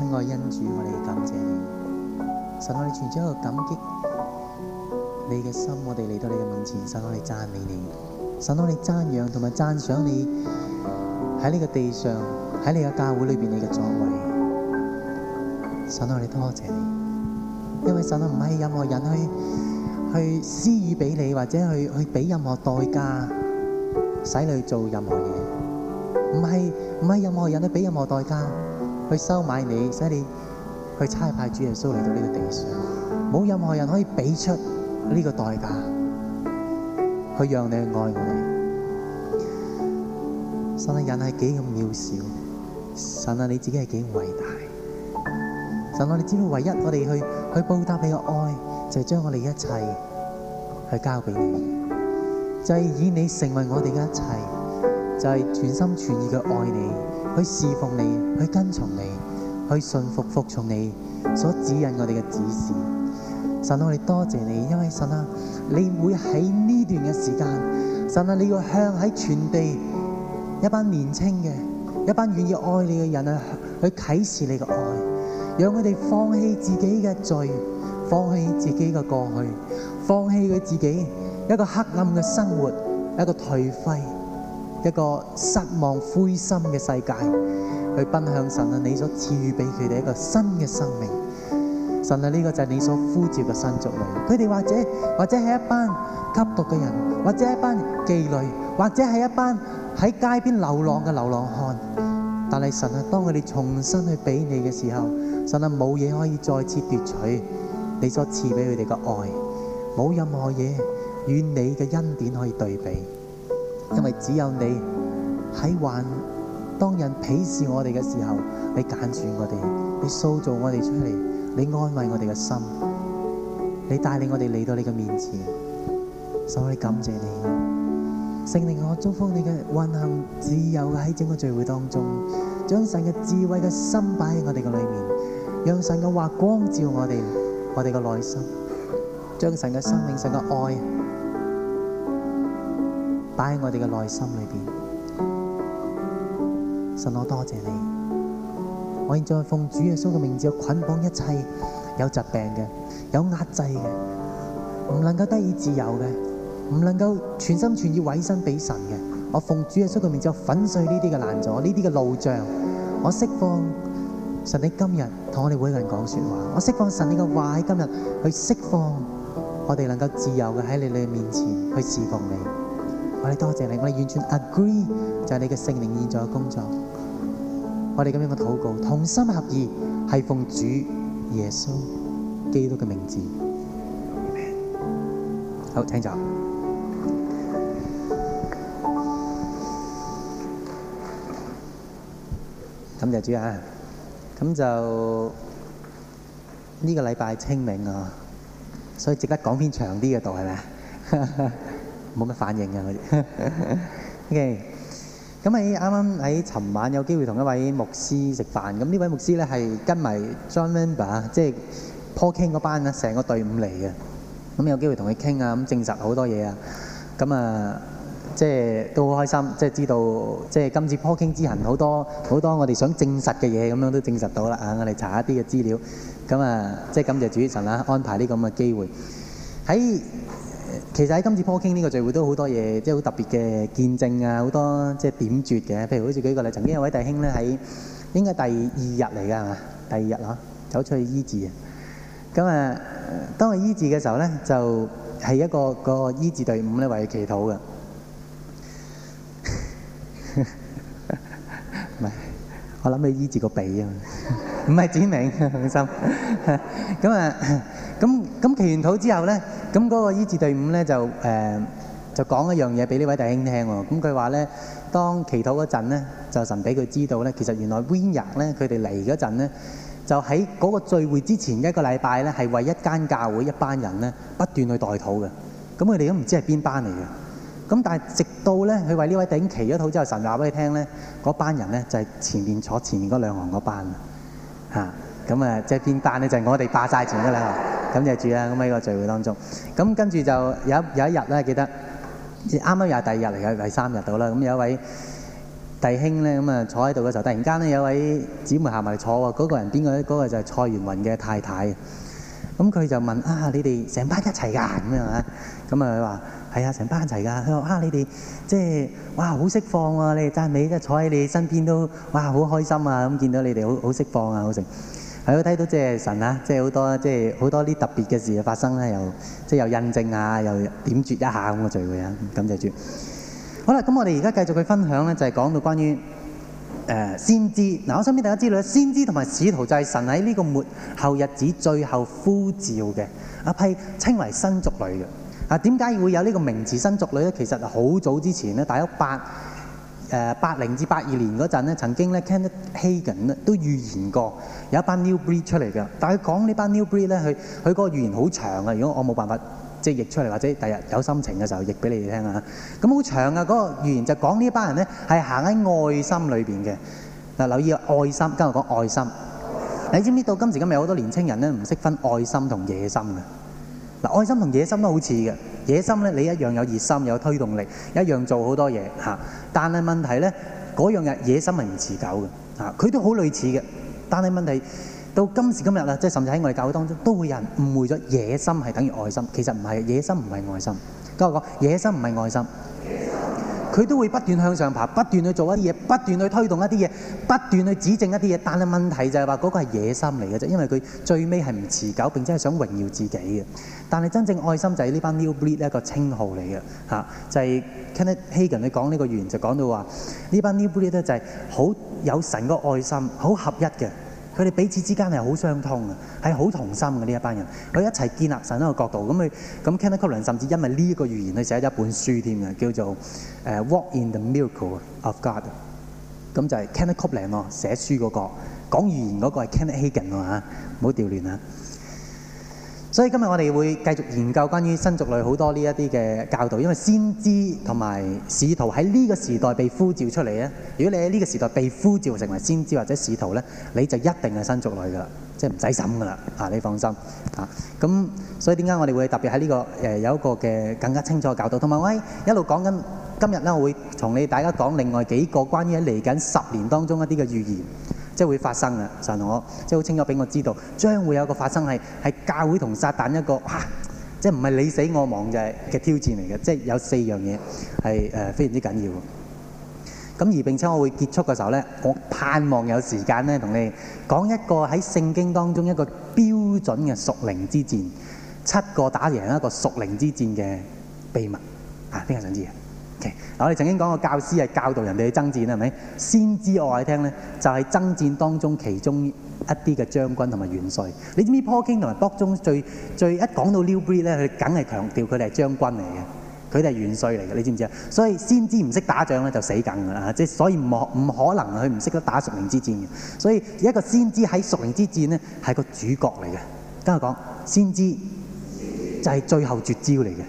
恩愛恩主，我哋感謝你。神，我哋存着一個感激你嘅心，我哋嚟到你嘅面前。神，我哋讚美你，神，我哋讚揚同埋讚賞你喺呢個地上，喺你嘅教會裏邊你嘅作為。神，我哋多謝你，因為神唔係任何人去去施予俾你，或者去去俾任何代價使你做任何嘢，唔係唔係任何人去俾任何代價。去收買你，使你去差派主耶穌嚟到呢個地上，冇任何人可以俾出呢個代價去讓你去愛我哋。神啊，人係幾咁渺小，神啊，你自己係幾咁偉大。神啊，我哋知道唯一我哋去去報答你嘅愛，就係將我哋一切去交俾你，就係以你成為我哋嘅一切。就係全心全意嘅愛你，去侍奉你，去跟從你，去順服服從你所指引我哋嘅指示。神啊，我哋多謝，謝你，因為神啊，你會喺呢段嘅時間，神啊，你要向喺全地一班年青嘅一班願意愛你嘅人啊，去啟示你嘅愛，讓佢哋放棄自己嘅罪，放棄自己嘅過去，放棄佢自己一個黑暗嘅生活，一個頹廢。一個失望灰心嘅世界，去奔向神啊！你所賜予俾佢哋一個新嘅生命，神啊！呢、這個就係你所呼召嘅新族類。佢哋或者或者係一班吸毒嘅人，或者一班妓女，或者係一班喺街邊流浪嘅流浪漢。但係神啊，當佢哋重新去俾你嘅時候，神啊，冇嘢可以再次奪取你所賜俾佢哋嘅愛，冇任何嘢與你嘅恩典可以對比。因為只有你喺還，當人鄙視我哋嘅時候，你揀住我哋，你塑造我哋出嚟，你安慰我哋嘅心，你帶領我哋嚟到你嘅面前。所以感謝你，聖靈我祝福你嘅運行自由喺整個聚會當中，將神嘅智慧嘅心擺喺我哋嘅裏面，讓神嘅話光照我哋，我哋嘅內心，將神嘅生命、神嘅愛。擺喺我哋嘅內心裏邊，神我多謝你。我現在奉主耶穌嘅名字，捆綁一切有疾病嘅、有壓制嘅、唔能夠得以自由嘅、唔能夠全心全意委身俾神嘅，我奉主耶穌嘅名字粉碎呢啲嘅難阻、呢啲嘅路障，我釋放神你今日同我哋每個人講說話，我釋放神你嘅話喺今日去釋放我哋能夠自由嘅喺你哋面前去侍奉你。我哋多謝你，我哋完全 agree 就係你嘅聖靈現在嘅工作。我哋咁樣嘅禱告，同心合意，係奉主耶穌基督嘅名字。好，請坐。咁謝主啊，咁就呢個禮拜清明啊，所以值得講篇長啲嘅道係咪啊？冇乜反應嘅佢哋。哈哈 OK，咁喺啱啱喺尋晚有機會同一位牧師食飯，咁呢位牧師咧係跟埋 John Member，即係 Paul King 嗰班啊，成個隊伍嚟嘅。咁有機會同佢傾啊，咁證實好多嘢啊。咁啊，即係都好開心，即係知道，即係今次 Paul King 之行好多好多我哋想證實嘅嘢，咁樣都證實到啦。啊，我哋查一啲嘅資料。咁啊，即係感謝主神啊安排呢咁嘅機會。喺其實喺今次 Paul King 呢個聚會都好多嘢，即係好特別嘅見證啊！好多即係點絕嘅，譬如好似舉個例，曾經有位弟兄咧喺應該第二日嚟㗎，係嘛？第二日咯、啊，走出去醫治。咁啊，當佢醫治嘅時候咧，就係、是、一個、個醫治隊伍咧為佢祈禱嘅。唔 係，我諗佢醫治個鼻 不是不 啊，唔係指明，放心。咁啊。咁咁祈完禱之後咧，咁、那、嗰個醫治隊伍咧就誒、呃、就講一樣嘢俾呢位弟兄聽喎、哦。咁佢話咧，當祈禱嗰陣咧，就神俾佢知道咧，其實原來 Winner 咧佢哋嚟嗰陣咧，就喺嗰個聚會之前一個禮拜咧，係為一間教會一班人咧不斷去代禱嘅。咁佢哋都唔知係邊班嚟嘅。咁但係直到咧佢為呢位弟兄祈咗禱之後，神話俾佢聽咧，嗰班人咧就係、是、前面坐前面嗰兩行嗰班嚇。啊咁啊，即係變霸咧，就係、是、我哋霸晒錢噶啦！咁就住啦。咁喺個聚會當中，咁跟住就有一有一日咧，記得啱啱又係第二日嚟嘅第三日到啦。咁有一位弟兄咧，咁啊坐喺度嘅時候，突然間咧有位姊妹行埋嚟坐喎。嗰、那個人邊個咧？嗰、那個就係蔡元雲嘅太太。咁佢就問啊：你哋成班一齊㗎？咁樣啊？咁啊？佢話係啊，成班一齊㗎。佢話啊，你哋即係哇好釋放喎、啊！你哋讚美，即係坐喺你身邊都哇好開心啊！咁見到你哋好好釋放啊，好成。喺度睇到即係神啊，即係好多，即係好多啲特別嘅事發生咧，又即係又印證啊，又點綴一下咁嘅聚會啊，感謝主，好啦，咁我哋而家繼續去分享咧，就係、是、講到關於誒、呃、先知。嗱、啊，我想俾大家知道咧，先知同埋使徒就係神喺呢個末後日子最後呼召嘅一批，稱為新族類。嘅、啊。嗱，點解會有呢個名字新族類咧？其實好早之前咧，大約八。誒八零至八二年嗰陣咧，曾經咧，Kenneth Hagen 都預言過有一班 New Breed 出嚟㗎。但係佢講呢班 New Breed 咧，佢佢嗰個預言好長嘅、啊。如果我冇辦法即係、就是、譯出嚟，或者第日有心情嘅時候譯俾你哋聽啊。咁好長啊！嗰、那個預言就講這呢班人咧係行喺愛心裏邊嘅。嗱，留意愛心，今日講愛心。你知唔知到今時今日好多年青人咧唔識分愛心同野心嘅？嗱，愛心同野心都好似嘅。野心咧，你一樣有熱心，有推動力，一樣做好多嘢嚇。但係問題咧，嗰樣嘢野心係唔持久嘅嚇，佢都好類似嘅。但係問題到今時今日啊，即係甚至喺我哋教會當中，都會有人誤會咗野心係等於愛心，其實唔係，野心唔係愛心。咁我講野心唔係愛心。佢都會不斷向上爬，不斷去做一啲嘢，不斷去推動一啲嘢，不斷去指正一啲嘢。但係問題就係話嗰個係野心嚟嘅，因為佢最尾係唔持久，並且係想榮耀自己嘅。但係真正愛心就係呢班 new breed 的一個稱號嚟嘅就係 Kenneth Hagen 佢講呢個預言就講到話，呢班 new breed 就係好有神個愛心，好合一嘅。佢哋彼此之間係好相通嘅，係好同心嘅呢一班人，佢一齊建立神一個角度。咁佢咁 Kenneth Copeland 甚至因為呢一個預言去寫咗一本書添嘅，叫做《誒 Walk in the Miracle of God》。咁就係 Kenneth Copeland 咯，寫書嗰個講預言嗰個係 Kenneth Hagen 啊，唔好調亂啊！所以今日我哋會繼續研究關於新族類好多呢一啲嘅教導，因為先知同埋使徒喺呢個時代被呼召出嚟咧。如果你喺呢個時代被呼召成為先知或者使徒咧，你就一定係新族類㗎啦，即係唔使審㗎啦。啊，你放心啊。咁所以點解我哋會特別喺呢個誒有一個嘅更加清楚嘅教導？同埋我一路講緊今日咧，我會同你大家講另外幾個關於喺嚟緊十年當中一啲嘅預言。即係會發生啊！神同我即係好清楚俾我知道，將會有個發生係係教會同撒旦一個即係唔係你死我亡嘅、嘅挑戰嚟嘅。即係有四樣嘢係誒非常之緊要的。咁而並且我會結束嘅時候咧，我盼望有時間咧同你講一個喺聖經當中一個標準嘅屬靈之戰，七個打贏一個屬靈之戰嘅秘密啊！邊個想知啊？Okay. 我哋曾經講過教師係教導人哋去爭戰，係咪？先知我話你聽咧，就係、是、爭戰當中其中一啲嘅將軍同埋元帥。你知唔知 Paul King 同埋 Bob 中最最一講到 New Breed 咧，佢梗係強調佢哋係將軍嚟嘅，佢哋係元帥嚟嘅，你知唔知啊？所以先知唔識打仗咧就死梗㗎啦，即係所以冇唔可能佢唔識得打屬靈之戰嘅。所以一個先知喺屬靈之戰咧係個主角嚟嘅。跟住講先知就係最後絕招嚟嘅。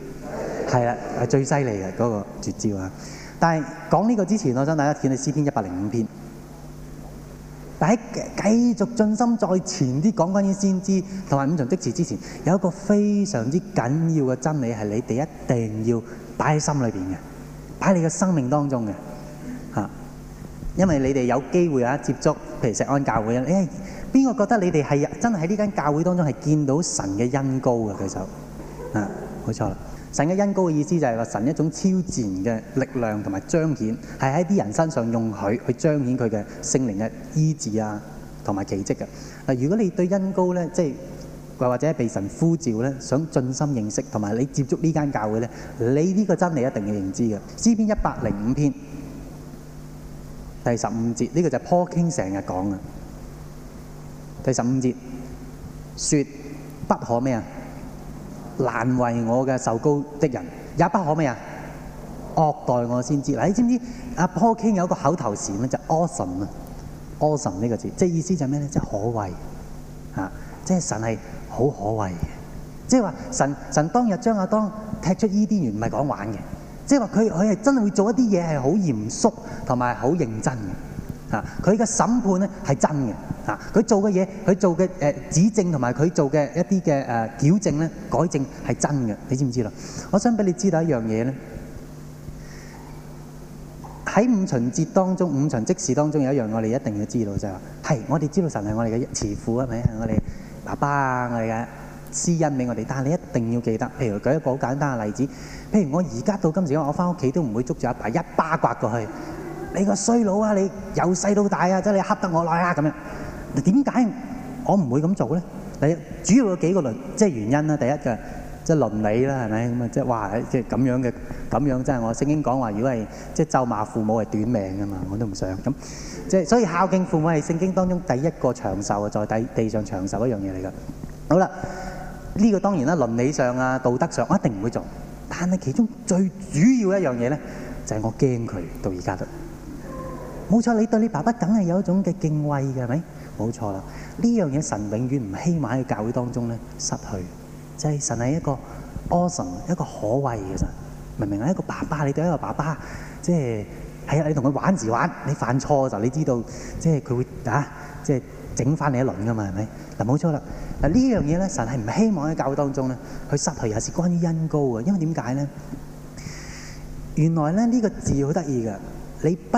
係啦，係最犀利嘅嗰個絕招啊！但係講呢個之前，我想大家睇下《詩篇》一百零五篇。但喺繼續進深再前啲講關於先知同埋五重職事之前，有一個非常之緊要嘅真理係你哋一定要擺喺心裏邊嘅，擺喺你嘅生命當中嘅嚇。因為你哋有機會啊，接觸譬如石安教會啊，誒邊個覺得你哋係真係喺呢間教會當中係見到神嘅恩高嘅舉手啊？冇錯。神嘅恩膏嘅意思就係話神一種超自然嘅力量同埋彰顯，係喺啲人身上用佢去彰顯佢嘅聖靈嘅醫治啊，同埋奇蹟嘅。嗱，如果你對恩膏咧，即係或者被神呼召咧，想盡心認識同埋你接觸呢間教會咧，你呢個真理一定要認知嘅。詩篇一百零五篇第十五節，呢個就係 Paul King 成日講啊。第十五節，說不可咩啊？難為我嘅受膏的人，也不可咩啊？惡待我先知。嗱，你知唔知阿 Paul King 有個口頭禪咧，就是、awesome, awesome 啊，awesome 呢個字，即係意思就係咩咧？即係可畏啊！即係神係好可畏嘅。即係話神神當日將阿當踢出伊甸園，唔係講玩嘅。即係話佢佢係真係會做一啲嘢係好嚴肅同埋好認真嘅。啊，佢嘅審判咧，係真嘅。嗱，佢、啊、做嘅嘢，佢做嘅誒、呃、指證同埋佢做嘅一啲嘅誒矯正咧，改正係真嘅，你知唔知道？我想俾你知道一樣嘢咧，喺五旬節當中，五旬即時當中有一樣我哋一定要知道就係、話，係我哋知道神係我哋嘅慈父啊，係我哋爸爸我哋嘅施恩俾我哋。但係你一定要記得，譬如舉一個好簡單嘅例子，譬如我而家到今時，我翻屋企都唔會捉住阿爸，爸一巴刮過去，你個衰佬啊！你由細到大啊，真係恰得我耐啦咁樣。點解我唔會咁做咧？你主要有幾個倫，即係原因啦。第一就即係倫理啦，係咪咁啊？即係話即係咁樣嘅，咁樣，即係我聖經講話，如果係即係咒罵父母係短命噶嘛，我都唔想咁。即係所以孝敬父母係聖經當中第一個長壽啊，在第地上長壽一樣嘢嚟噶好啦，呢個當然啦，倫理上啊，道德上，我一定唔會做。但係其中最主要一樣嘢咧，就係我驚佢到而家都冇錯。你對你爸爸梗係有一種嘅敬畏嘅，係咪？冇錯啦，呢樣嘢神永遠唔希望喺教會當中咧失去，就係、是、神係一個 awesome，一個可畏嘅神。明明係一個爸爸，你對一個爸爸，即係係啊，你同佢玩時玩，你犯錯嘅時候，你知道即係佢會嚇，即係整翻你一輪噶嘛，係咪？嗱冇錯啦，嗱呢樣嘢咧，神係唔希望喺教會當中咧去失去，又是關於恩膏嘅，因為點解咧？原來咧呢、這個字好得意嘅，你不。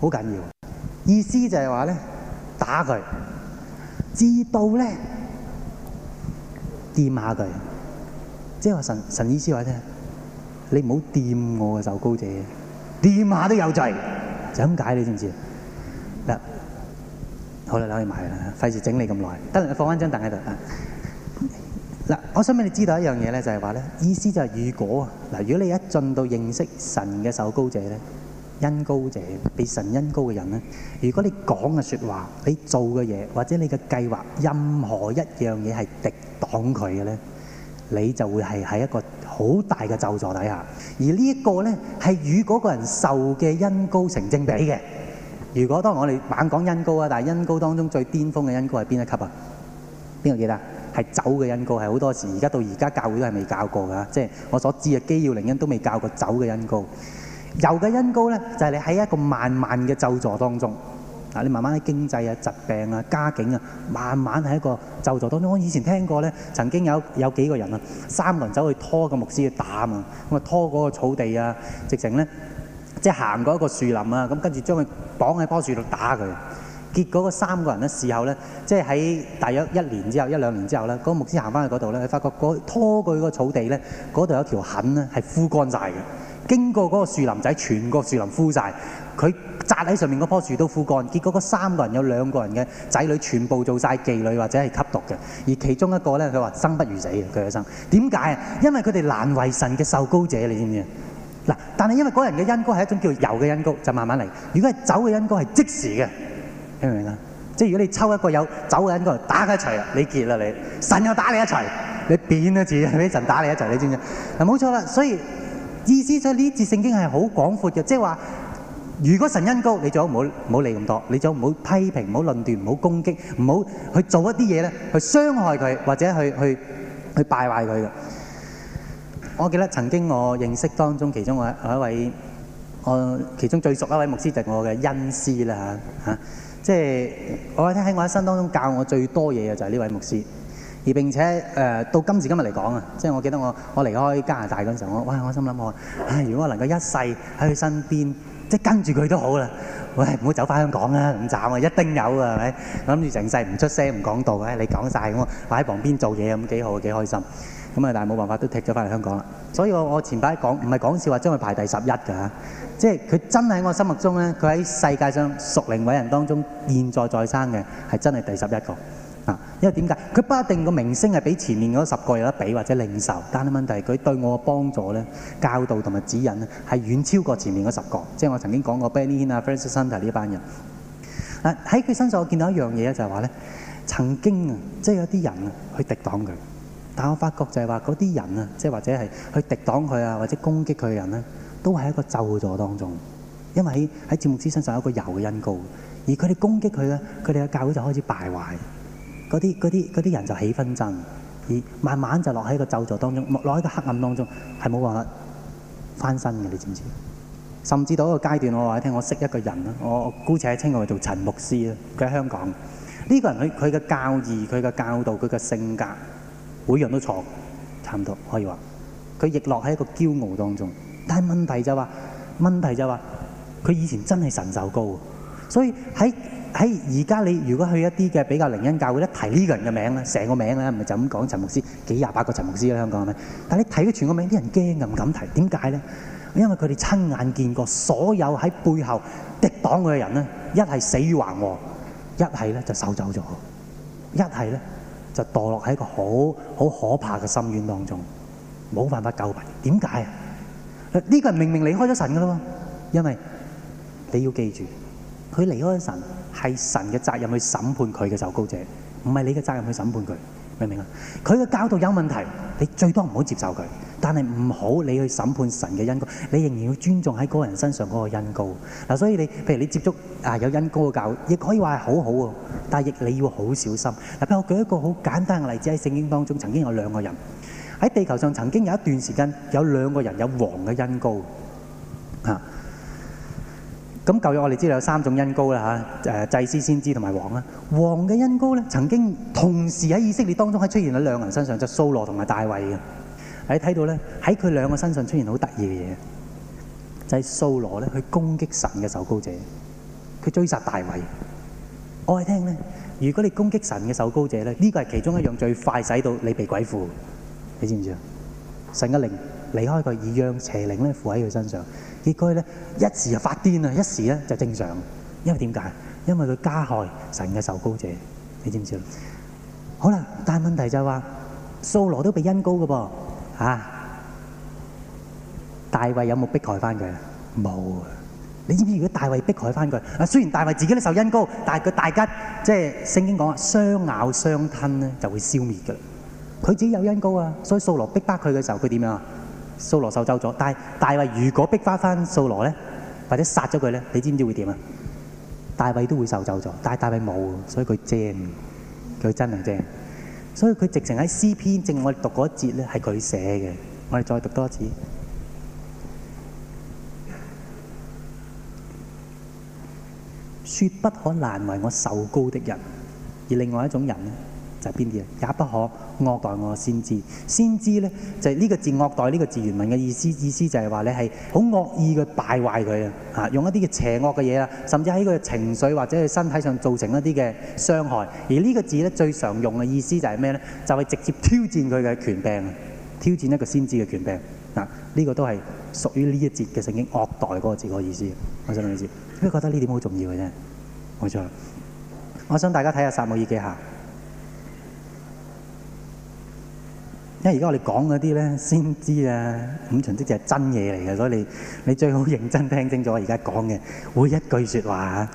好緊要，意思就係話咧，打佢，知道咧，掂下佢，即係話神神意思話啫，你唔好掂我嘅受膏者，掂下都有罪，就咁解，你知唔知？嗱，好啦，可以埋啦，費事整你咁耐，得嚟放翻張凳喺度啊。嗱，我想俾你知道一樣嘢咧，就係話咧，意思就係如果啊，嗱，如果你一進到認識神嘅受膏者咧。恩高者，俾神恩高嘅人咧，如果你講嘅說話，你做嘅嘢，或者你嘅計劃，任何一樣嘢係敵擋佢嘅咧，你就會係喺一個好大嘅咒詛底下。而呢一個咧，係與嗰個人受嘅恩高成正比嘅。如果當我哋猛講恩高啊，但係恩高當中最巔峯嘅恩高係邊一級啊？邊個記得啊？係走嘅恩高係好多時，而家到而家教會都係未教過㗎，即係我所知嘅《基要靈恩》都未教過走嘅恩高。有嘅音高咧，就係、是、你喺一個慢慢嘅咒詛當中啊！你慢慢喺經濟啊、疾病啊、家境啊，慢慢喺一個咒詛當中。我以前聽過咧，曾經有有幾個人啊，三個人走去拖個牧師去打啊！咁啊拖嗰個草地啊，直情咧即係行過一個樹林啊，咁跟住將佢綁喺棵樹度打佢。結果嗰三個人咧，事後咧，即係喺大約一年之後、一兩年之後咧，嗰、那個、牧師行翻去嗰度咧，發覺嗰拖佢嗰草地咧，嗰度有一條痕咧，係枯乾晒嘅。經過嗰個樹林仔，全個樹林枯晒，佢紮喺上面嗰棵樹都枯乾。結果嗰三個人有兩個人嘅仔女全部做晒妓女或者係吸毒嘅，而其中一個咧，佢話生不如死嘅，佢嘅生點解？因為佢哋難為神嘅受膏者，你知唔知啊？嗱，但係因為嗰人嘅恩膏係一種叫油嘅恩膏，就慢慢嚟。如果係酒嘅恩膏係即時嘅，明唔明啊？即係如果你抽一個有酒嘅恩膏嚟打佢一齊啊，你結啦你神又打你一齊，你扁啊自己俾神打你一齊，你知唔知啊？冇錯啦，所以。意思就係呢節聖經係好廣闊嘅，即係話，如果神恩高，你最好唔好唔好理咁多，你最好唔好批評、唔好論斷、唔好攻擊、唔好去做一啲嘢咧，去傷害佢或者去去去敗壞佢嘅。我記得曾經我認識當中其中我一位我其中最熟一位牧師就係我嘅恩師啦嚇嚇，即係我聽喺我一生當中教我最多嘢嘅就係呢位牧師。而並且誒，到今時今日嚟講啊，即係我記得我我離開加拿大嗰陣時候，我哇，我心諗我啊，如果我能夠一世喺佢身邊，即係跟住佢都好啦。喂，唔好走翻香港啦，咁慘，一定有啊，係咪？我諗住成世唔出聲唔講道嘅，你講曬咁啊，我喺旁邊做嘢咁幾好幾開心。咁啊，但係冇辦法都踢咗翻嚟香港啦。所以我我前排講唔係講笑話，將佢排第十一㗎嚇。即係佢真係喺我心目中咧，佢喺世界上熟靈偉人當中現在在生嘅係真係第十一個。啊、因為點解佢不一定個明星係比前面嗰十個有得比，或者領受。但係問題係佢對我嘅幫助咧、教導同埋指引咧，係遠超過前面嗰十個。即係我曾經講過 Benny Hinn 啊、Francis Chan 就係呢班人。喺佢身上我見到一樣嘢就係話咧，曾經啊，即係有啲人啊去敵擋佢，但我發覺就係話嗰啲人啊，即係或者係去敵擋佢啊，或者攻擊佢嘅人咧，都係一個咒助當中。因為喺喺詹姆斯身上有一個柔嘅恩膏，而佢哋攻擊佢咧，佢哋嘅教會就開始敗壞。嗰啲啲啲人就起紛爭，而慢慢就落喺個咒詛當中，落喺個黑暗當中，係冇辦法翻身嘅，你知唔知？甚至到一個階段，我話你聽，我識一個人，我我姑且稱我做陳牧師啊，佢喺香港。呢、這個人佢佢嘅教義、佢嘅教導、佢嘅性格，每樣都錯，差唔多可以話。佢亦落喺一個驕傲當中，但係問題就話、是，問題就話、是，佢以前真係神秀高，所以喺。喺而家你如果去一啲嘅比較靈恩教會咧，提呢個人嘅名咧，成個名咧，唔係就咁講陳牧師，幾廿八個陳牧師啦，香港係咪？但係你睇佢全個名，啲人驚啊，唔敢提，點解咧？因為佢哋親眼見過所有喺背後敵擋佢嘅人咧，一係死於橫禍，一係咧就手走咗，一係咧就墮落喺一個好好可怕嘅深淵當中，冇辦法救拔。點解啊？呢個人明明離開咗神噶喇嘛，因為你要記住，佢離開咗神。係神嘅責任去審判佢嘅受膏者，唔係你嘅責任去審判佢，明唔明啊？佢嘅教導有問題，你最多唔好接受佢，但係唔好你去審判神嘅恩膏，你仍然要尊重喺嗰個人身上嗰個恩膏。嗱，所以你譬如你接觸啊有恩膏嘅教，亦可以話係好好喎，但係亦你要好小心。嗱，俾我舉一個好簡單嘅例子喺聖經當中，曾經有兩個人喺地球上曾經有一段時間有兩個人有黃嘅恩膏。咁舊約我哋知道有三種恩膏啦嚇，誒，祭司、先知同埋王啦。王嘅恩膏咧，曾經同時喺以色列當中喺出現喺兩個人身上，就掃羅同埋大衛嘅。你睇到咧，喺佢兩個身上出現好得意嘅嘢，就係掃羅咧去攻擊神嘅受膏者，佢追殺大衛。我係聽咧，如果你攻擊神嘅受膏者咧，呢個係其中一樣最快使到你被鬼附。你知唔知啊？神嘅靈離開佢，而讓邪靈咧附喺佢身上。應該咧一時就發癲啊，一時咧就正常。因為點解？因為佢加害神嘅受膏者，你知唔知？好啦，但係問題就係話，掃羅都俾恩膏嘅噃，吓，大衛有冇逼害翻佢？冇啊。你知唔知？如果大衛逼害翻佢，啊，雖然大衛自己都受恩膏，但係佢大家即係聖經講雙咬雙吞咧，就會消滅噶啦。佢自己有恩膏啊，所以掃羅逼迫佢嘅時候，佢點樣？掃羅受咒咗，但係大衛如果逼返返掃羅呢，或者殺咗佢呢，你知唔知道會點啊？大衛都會受咒咗，但係大衛冇，所以佢正，佢真係正。所以佢直情喺詩篇正我哋讀嗰節呢係佢寫嘅，我哋再讀多一次。說不可難為我受膏的人，而另外一種人呢。就係邊啲啊？也不可惡待我先知，先知呢，就係、是、呢個字惡待呢、這個字原文嘅意思，意思就係話你係好惡意嘅敗壞佢啊！用一啲嘅邪惡嘅嘢啊，甚至喺佢嘅情緒或者佢身體上造成一啲嘅傷害。而呢個字呢，最常用嘅意思就係咩呢？就係、是、直接挑戰佢嘅權柄，挑戰一個先知嘅權柄啊！呢、這個都係屬於呢一節嘅聖經惡待嗰個字、那個意思。我想你知，因為覺得呢點好重要嘅啫。冇錯，我想大家睇下撒母耳記下。因為而家我哋講嗰啲咧，先知啊，五長即係真嘢嚟嘅，所以你你最好認真聽清楚我而家講嘅，每一句説話。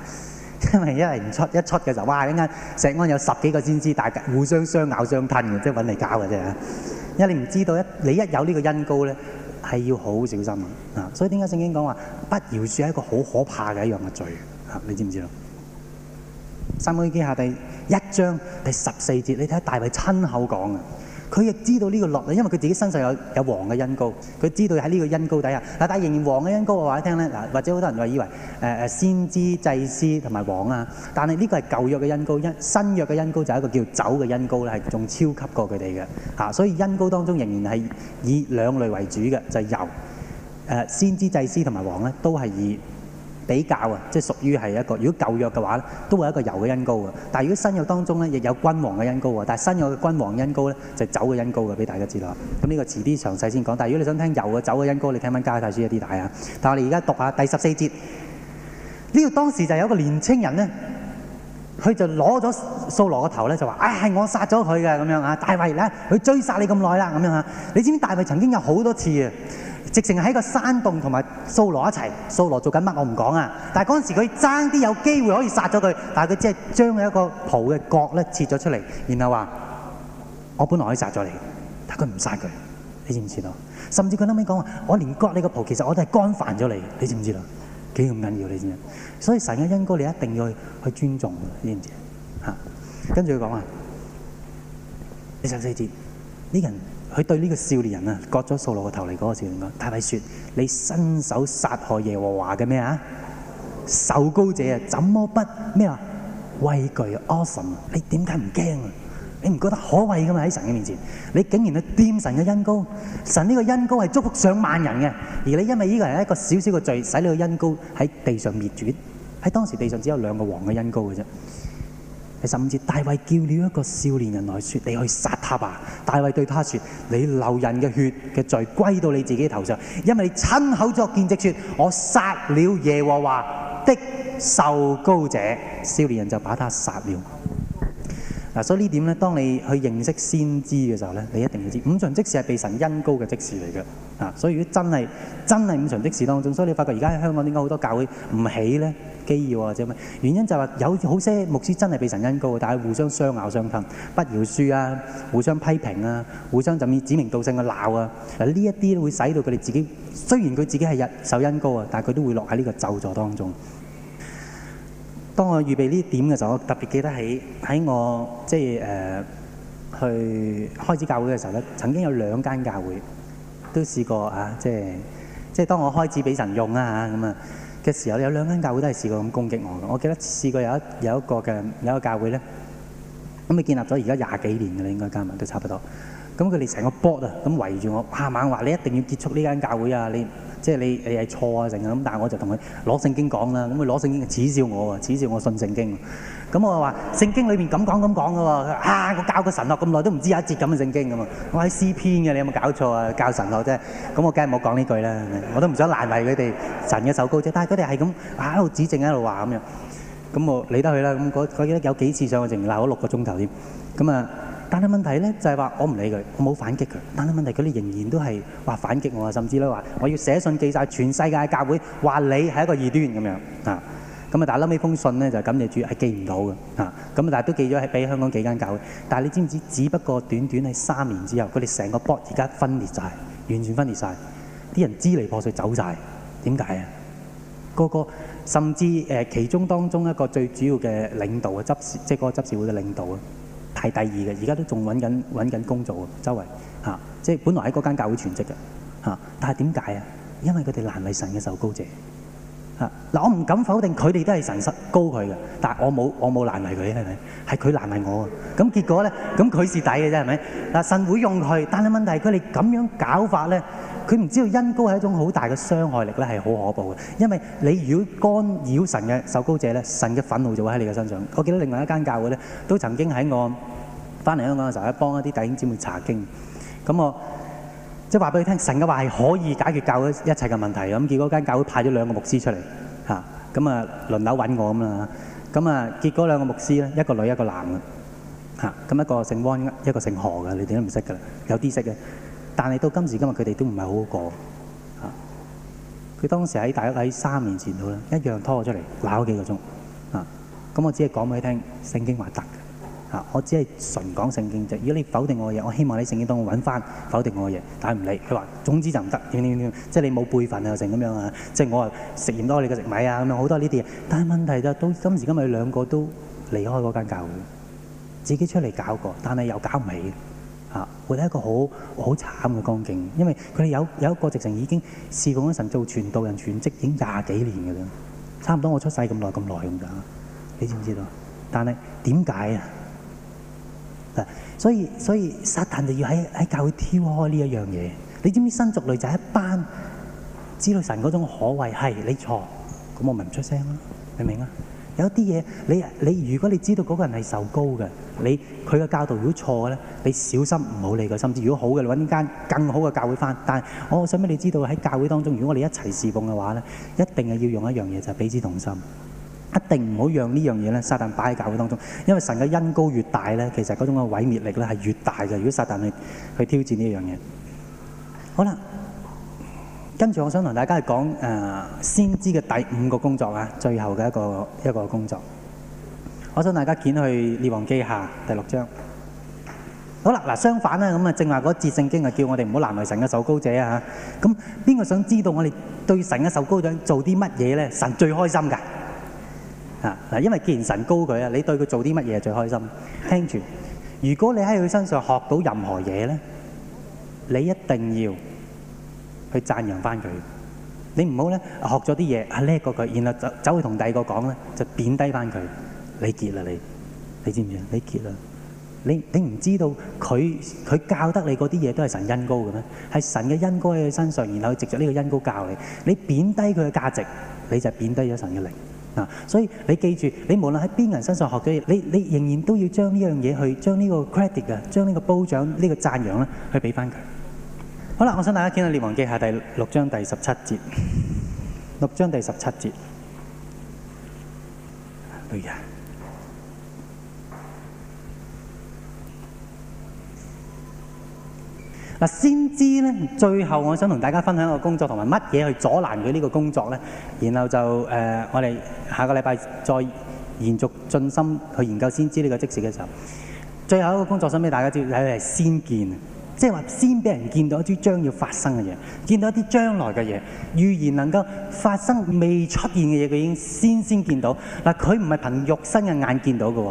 因為一係唔出一出嘅時候，哇！一陣間石安有十幾個先知，大家互相相咬相吞嘅，即係揾你搞嘅啫。因為你唔知道一你一有這個恩呢個恩膏咧，係要好小心啊！所以點解聖經講話不饒恕係一個好可怕嘅一樣嘅罪啊？你知唔知咯？三峽記下第一章第十四節，你睇下大衛親口講嘅。佢亦知道呢，這個落，因為佢自己身上有有王嘅恩膏，佢知道喺呢個恩膏底下。但仍然王嘅恩膏嘅話聽呢，或者好多人都以為，呃、先知祭司同埋王，但係呢個係舊約嘅恩膏，新約嘅恩膏就係一個叫酒嘅恩膏咧，係仲超級過佢哋嘅。所以恩膏當中仍然係以兩類為主嘅，就係、是、油，呃、先知祭司同埋王都係以比較啊，即係屬於係一個，如果舊約嘅話咧，都有一個油嘅恩膏嘅。但係如果新約當中咧，亦有君王嘅恩膏啊。但係新約嘅君王恩膏咧，就酒嘅恩膏嘅，俾大家知道。咁呢個遲啲詳細先講。但係如果你想聽油嘅、酒嘅恩膏，你聽翻加太書一啲大啊。但係我哋而家讀下第十四節，呢度當時就有一個年青人咧，佢就攞咗掃羅個頭咧，就、哎、話：啊係我殺咗佢嘅咁樣啊！大衛咧，佢追殺你咁耐啦咁樣啊！你知唔知大衛曾經有好多次啊？直情喺個山洞同埋掃羅一齊，掃羅做緊乜我唔講啊！但係嗰陣時佢爭啲有機會可以殺咗佢，但係佢只係將佢一個袍嘅角咧切咗出嚟，然後話：我本來可以殺咗你，但係佢唔殺佢，你知唔知啊？甚至佢後尾講話：我連割你個袍，其實我都係干犯咗你，你知唔知道？幾咁緊要你知唔知？所以神嘅恩膏你一定要去尊重嘅，你知唔知？嚇！跟住佢講啊，二十四節呢人。佢對呢個少年人啊，割咗掃羅個頭嚟嗰個少年人講：大衛説，你伸手殺害耶和華嘅咩啊？受膏者啊，怎麼不咩啊？畏懼呀，Awesome，你點解唔驚啊？你唔覺得可畏噶嘛？喺神嘅面前，你竟然去掂神嘅恩膏，神呢個恩膏係祝福上萬人嘅，而你因為呢個人一個小小嘅罪，使你個恩膏喺地上滅絕。喺當時地上只有兩個王嘅恩膏嘅啫。第十五，大衛叫了一個少年人來，説：你去殺他吧。大衛對他説：你流人嘅血嘅罪歸到你自己頭上，因為你親口作見證，説：我殺了耶和華的受膏者。少年人就把他殺了。嗱、啊，所以呢點呢，當你去認識先知嘅時候呢，你一定要知道五常即時係被神恩膏嘅即時嚟嘅。啊，所以如果真係真係五常即時當中，所以你發覺而家香港點解好多教會唔起呢。機要或者咩原因就話有好些牧師真係被神恩膏，但係互相相咬相吞，不饒恕啊，互相批評啊，互相甚至指名道姓嘅鬧啊。嗱，呢一啲會使到佢哋自己雖然佢自己係受恩膏啊，但係佢都會落喺呢個咒詛當中。當我預備呢啲點嘅時候，我特別記得起喺我即係誒、呃、去開始教會嘅時候咧，曾經有兩間教會都試過啊，即係即係當我開始俾神用啊咁啊。嘅時候，有兩間教會都係試過咁攻擊我嘅。我記得試過有一有一個嘅有一個教會咧，咁你建立咗而家廿幾年嘅喇，應該加埋都差唔多。咁佢哋成個 board 啊，咁圍住我，哇！猛話你一定要結束呢間教會啊，你。即係你係係錯啊，成咁，但係我就同佢攞聖經講啦，咁佢攞聖經就恥笑我喎，恥笑我信聖經。咁我話聖經裏邊咁講咁講噶喎，啊我教個神學咁耐都唔知有一節咁嘅聖經咁啊，我喺詩篇嘅，你有冇搞錯啊？教神學啫，咁我梗係冇講呢句啦，我都唔想難為佢哋神嘅手高啫。但係佢哋係咁喺度指正喺度話咁樣，咁我理得佢啦。咁我記得有幾次上我仲鬧咗六個鐘頭添，咁啊。但係問題咧就係話我唔理佢，我冇反擊佢。但係問題佢哋仍然都係話反擊我啊，甚至咧話我要寫信寄晒全世界嘅教會，話你係一個異端咁樣啊。咁啊打撚呢封信咧就感謝主係寄唔到嘅啊。咁啊但係都寄咗喺俾香港幾間教會。但係你知唔知？只不過短短係三年之後，佢哋成個波而家分裂晒，完全分裂晒，啲人支離破碎走晒。點解啊？個個甚至誒其中當中一個最主要嘅領導嘅執事，即係嗰個執事會嘅領導啊。排第二嘅，而家都仲揾緊揾緊工做啊！周圍嚇、啊，即係本來喺嗰間教會全職嘅嚇、啊，但係點解啊？因為佢哋難為神嘅受膏者嚇。嗱、啊，我唔敢否定佢哋都係神失膏佢嘅，但係我冇我冇難為佢，係咪？係佢難為我啊！咁結果咧，咁佢蝕底嘅啫，係咪？嗱，神會用佢，但係問題係佢哋咁樣搞法咧。佢唔知道恩膏係一種好大嘅傷害力咧，係好可怖嘅。因為你如果干擾神嘅受膏者咧，神嘅憤怒就會喺你嘅身上。我記得另外一間教會咧，都曾經喺我翻嚟香港嘅時候，喺幫一啲弟兄姊妹查經。咁我即係話俾你聽，神嘅話係可以解決教會一切嘅問題。咁結果嗰間教會派咗兩個牧師出嚟，嚇咁啊輪流揾我咁啦。咁啊結果兩個牧師咧，一個女一個男嘅，嚇咁一個姓汪，一個姓何嘅，你點都唔識嘅啦，有啲識嘅。但係到今時今日，佢哋都唔係好好過。嚇、啊！佢當時喺大約喺三年前度啦，一樣拖我出嚟鬧咗幾個鐘。嚇、啊！咁我只係講俾你聽，聖經話得。嚇、啊！我只係純講聖經啫。如果你否定我嘅嘢，我希望你聖經當我揾翻否定我嘅嘢。但係唔理，佢話總之就唔得。點點點，即係你冇輩分啊，成咁樣啊，即係我食鹽多你嘅食米啊，咁樣好多呢啲嘢。但係問題就到今時今日，你兩個都離開嗰間教會，自己出嚟搞過，但係又搞唔起。啊，會係一個好好慘嘅光景，因為佢哋有有一個直情已經侍奉咗神，做傳道人，全職已經廿幾年嘅啦，差唔多我出世咁耐咁耐咁咋，你知唔知道？但係點解啊？嗱，所以所以撒旦就要喺喺教會挑開呢一樣嘢，你知唔知新族類就係一班知女神嗰種可畏，係你錯，咁我咪唔出聲咯，明唔明啊？有啲嘢你你如果你知道嗰個人係受高嘅，你佢嘅教導如果錯嘅呢，你小心唔好理佢。甚至如果好嘅，你揾間更好嘅教會返。但係我想俾你知道喺教會當中，如果我哋一齊侍奉嘅話，一定係要用一樣嘢，就係彼此同心，一定唔好讓呢樣嘢呢撒旦擺喺教會當中，因為神嘅恩高越大呢，其實嗰種嘅毀滅力咧係越大嘅。如果撒旦去挑戰呢樣嘢，好了跟住，我想同大家係講誒先知嘅第五個工作啊，最後嘅一個一個工作。我想大家檢去《列王記下》第六章。好啦，嗱相反咧，咁啊正話嗰節聖經啊，叫我哋唔好難為神嘅受膏者啊嚇。咁邊個想知道我哋對神嘅受膏者做啲乜嘢咧？神最開心㗎。啊嗱，因為既然神膏佢啊，你對佢做啲乜嘢係最開心。聽住，如果你喺佢身上學到任何嘢咧，你一定要。去讚揚翻佢，你唔好咧學咗啲嘢係叻過佢，然後走走去同第二個講咧，就貶低翻佢，你結啦你，你知唔知啊？你結啦，你你唔知道佢佢教得你嗰啲嘢都係神恩膏嘅咩？係神嘅恩膏喺佢身上，然後藉着呢個恩膏教你，你貶低佢嘅價值，你就貶低咗神嘅靈啊！所以你記住，你無論喺邊人身上學咗嘢，你你仍然都要將呢樣嘢去將呢個 credit 啊，將呢個褒獎呢個讚揚咧，去俾翻佢。好啦，我想大家見到《列王記》下第六章第十七節。六章第十七節。對呀！嗱，先知呢？最後我想同大家分享一個工作，同埋乜嘢去阻攔佢呢個工作呢？然後就、呃、我哋下個禮拜再延續進心去研究先知呢個職事嘅時候，最後一個工作想俾大家知道，係先見。即係話先俾人見到一啲將要發生嘅嘢，見到一啲將來嘅嘢，預言能夠發生未出現嘅嘢，佢已經先先見到。嗱，佢唔係憑肉身嘅眼見到嘅。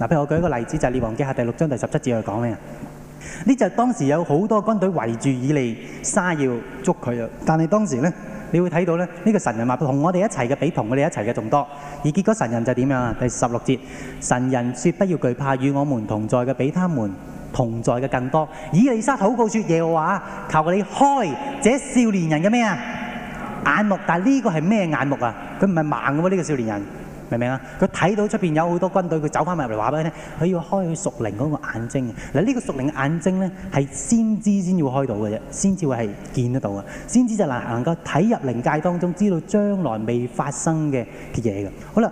嗱，譬如我舉一個例子，就係、是、列王記下第六章第十七節去講咩啊？呢就是當時有好多軍隊圍住以利沙要捉佢啊！但係當時咧，你會睇到咧，呢、這個神人話同我哋一齊嘅比同我哋一齊嘅仲多。而結果神人就點樣啊？第十六節，神人説不要懼怕，與我們同在嘅比他們同在嘅更多。以利沙禱告說：耶和華，求你開這少年人嘅咩啊眼目。但係呢個係咩眼目不是啊？佢唔係盲嘅喎，呢個少年人，明唔明啊？佢睇到出邊有好多軍隊，佢走翻入嚟話俾你聽，佢要開屬靈嗰個眼睛。嗱，呢個屬靈嘅眼睛咧，係先知先會開到嘅啫，先至會係見得到嘅。先知就能能夠睇入靈界當中，知道將來未發生嘅嘅嘢嘅。好啦。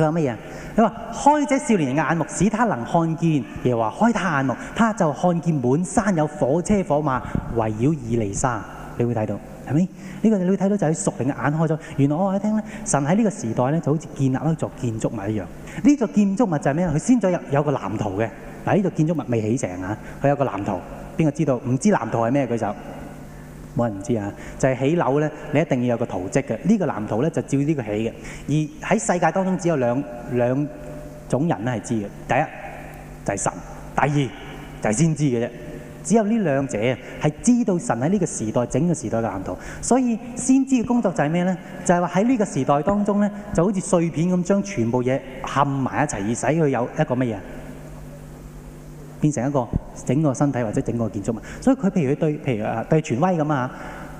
佢話乜嘢？佢話開隻少年人嘅眼目，使他能看見。又話開他眼目，他就看見滿山有火車火馬圍繞以利沙。你會睇到係咪？呢、這個你會睇到就喺屬靈嘅眼開咗。原來我話聽咧，神喺呢個時代咧就好似建立了一座建築物一樣。呢座建築物就係咩？佢先咗有有個藍圖嘅。嗱，呢座建築物未起成啊，佢有個藍圖，邊個知道？唔知道藍圖係咩？舉手。冇人知啊！就係起樓呢，你一定要有個圖蹟嘅。呢個藍圖呢，就照呢個起嘅。而喺世界當中，只有兩兩種人是係知嘅。第一就係、是、神，第二就係、是、先知嘅啫。只有呢兩者係知道神喺呢個時代整個時代嘅藍圖，所以先知嘅工作就係咩呢？就係話喺呢個時代當中呢，就好似碎片咁將全部嘢冚埋一齊，而使佢有一個乜嘢？變成一個整個身體或者整個建築物，所以佢譬如對譬如對權威咁啊，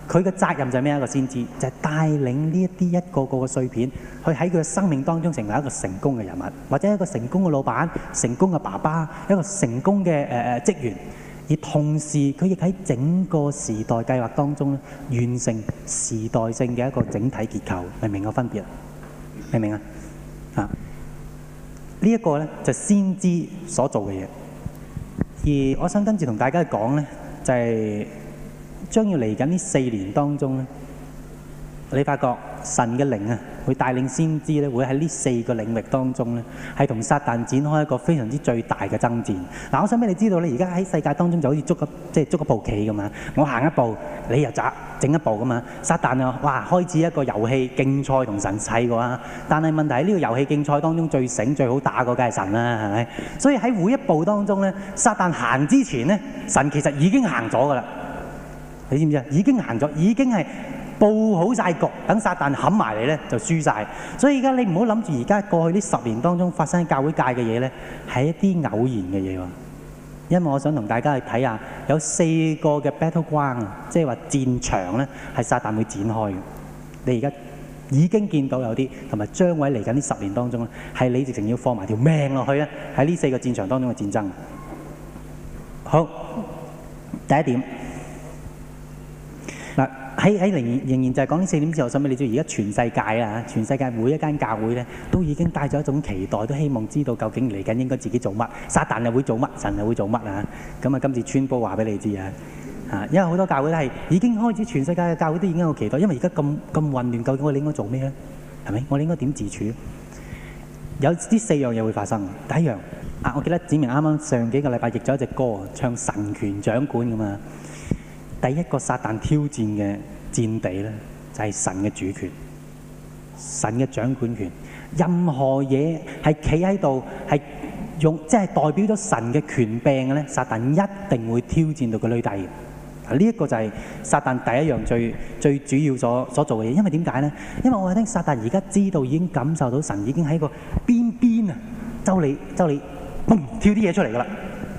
佢嘅責任就係咩？一個先知，就係帶領呢啲一個個碎片，去喺佢嘅生命當中成為一個成功嘅人物，或者一個成功嘅老闆、成功嘅爸爸、一個成功嘅職員，而同時佢亦喺整個時代計劃當中完成時代性嘅一個整體結構，明唔明個分別？明唔明啊？啊！這個、呢一個咧就先知所做嘅嘢。而我想跟住同大家講咧，就係將要嚟緊呢四年當中咧。你發覺神嘅靈啊，會帶領先知咧，會喺呢四個領域當中咧，係同撒旦展開一個非常之最大嘅爭戰。嗱，我想俾你知道咧，而家喺世界當中就好似捉一即係捉一部棋咁啊！我行一步，你又扎整一步咁啊！撒旦啊，哇，開始一個遊戲競賽同神砌嘅話，但係問題喺呢個遊戲競賽當中最醒最好打嘅梗係神啦，係咪？所以喺每一步當中咧，撒旦行之前咧，神其實已經行咗㗎喇。你知唔知啊？已經行咗，已經係。佈好曬局，等撒旦冚埋你咧就輸曬。所以而家你唔好諗住，而家過去呢十年當中發生教會界嘅嘢咧，係一啲偶然嘅嘢喎。因為我想同大家去睇下，有四個嘅 battleground，即係話戰場咧，係撒旦會展開嘅。你而家已經見到有啲，同埋將會嚟緊呢十年當中咧，係你直情要放埋條命落去咧，喺呢四個戰場當中嘅戰爭。好，第一點。喺喺仍仍然就係講四點之後，使唔使你知？而家全世界啊，全世界每一間教會咧，都已經帶咗一種期待，都希望知道究竟嚟緊應該自己做乜，撒旦又會做乜，神又會做乜啊？咁啊，今次傳播話俾你知啊！啊，因為好多教會都係已經開始，全世界嘅教會都已經有期待，因為而家咁咁混亂，究竟我哋應該做咩咧？係咪？我哋應該點自處？有呢四樣嘢會發生。第一樣啊，我記得子明啱啱上幾個禮拜譯咗一隻歌，唱神權掌管咁嘛。第一個撒旦挑戰嘅戰地咧，就係、是、神嘅主權、神嘅掌管權。任何嘢係企喺度，係用即係、就是、代表咗神嘅權柄嘅咧，撒旦一定會挑戰到佢女帝的。啊，呢一個就係撒旦第一樣最最主要所所做嘅嘢。因為點解咧？因為我聽撒旦而家知道已經感受到神已經喺個邊邊啊，周你周你，嘣跳啲嘢出嚟噶啦！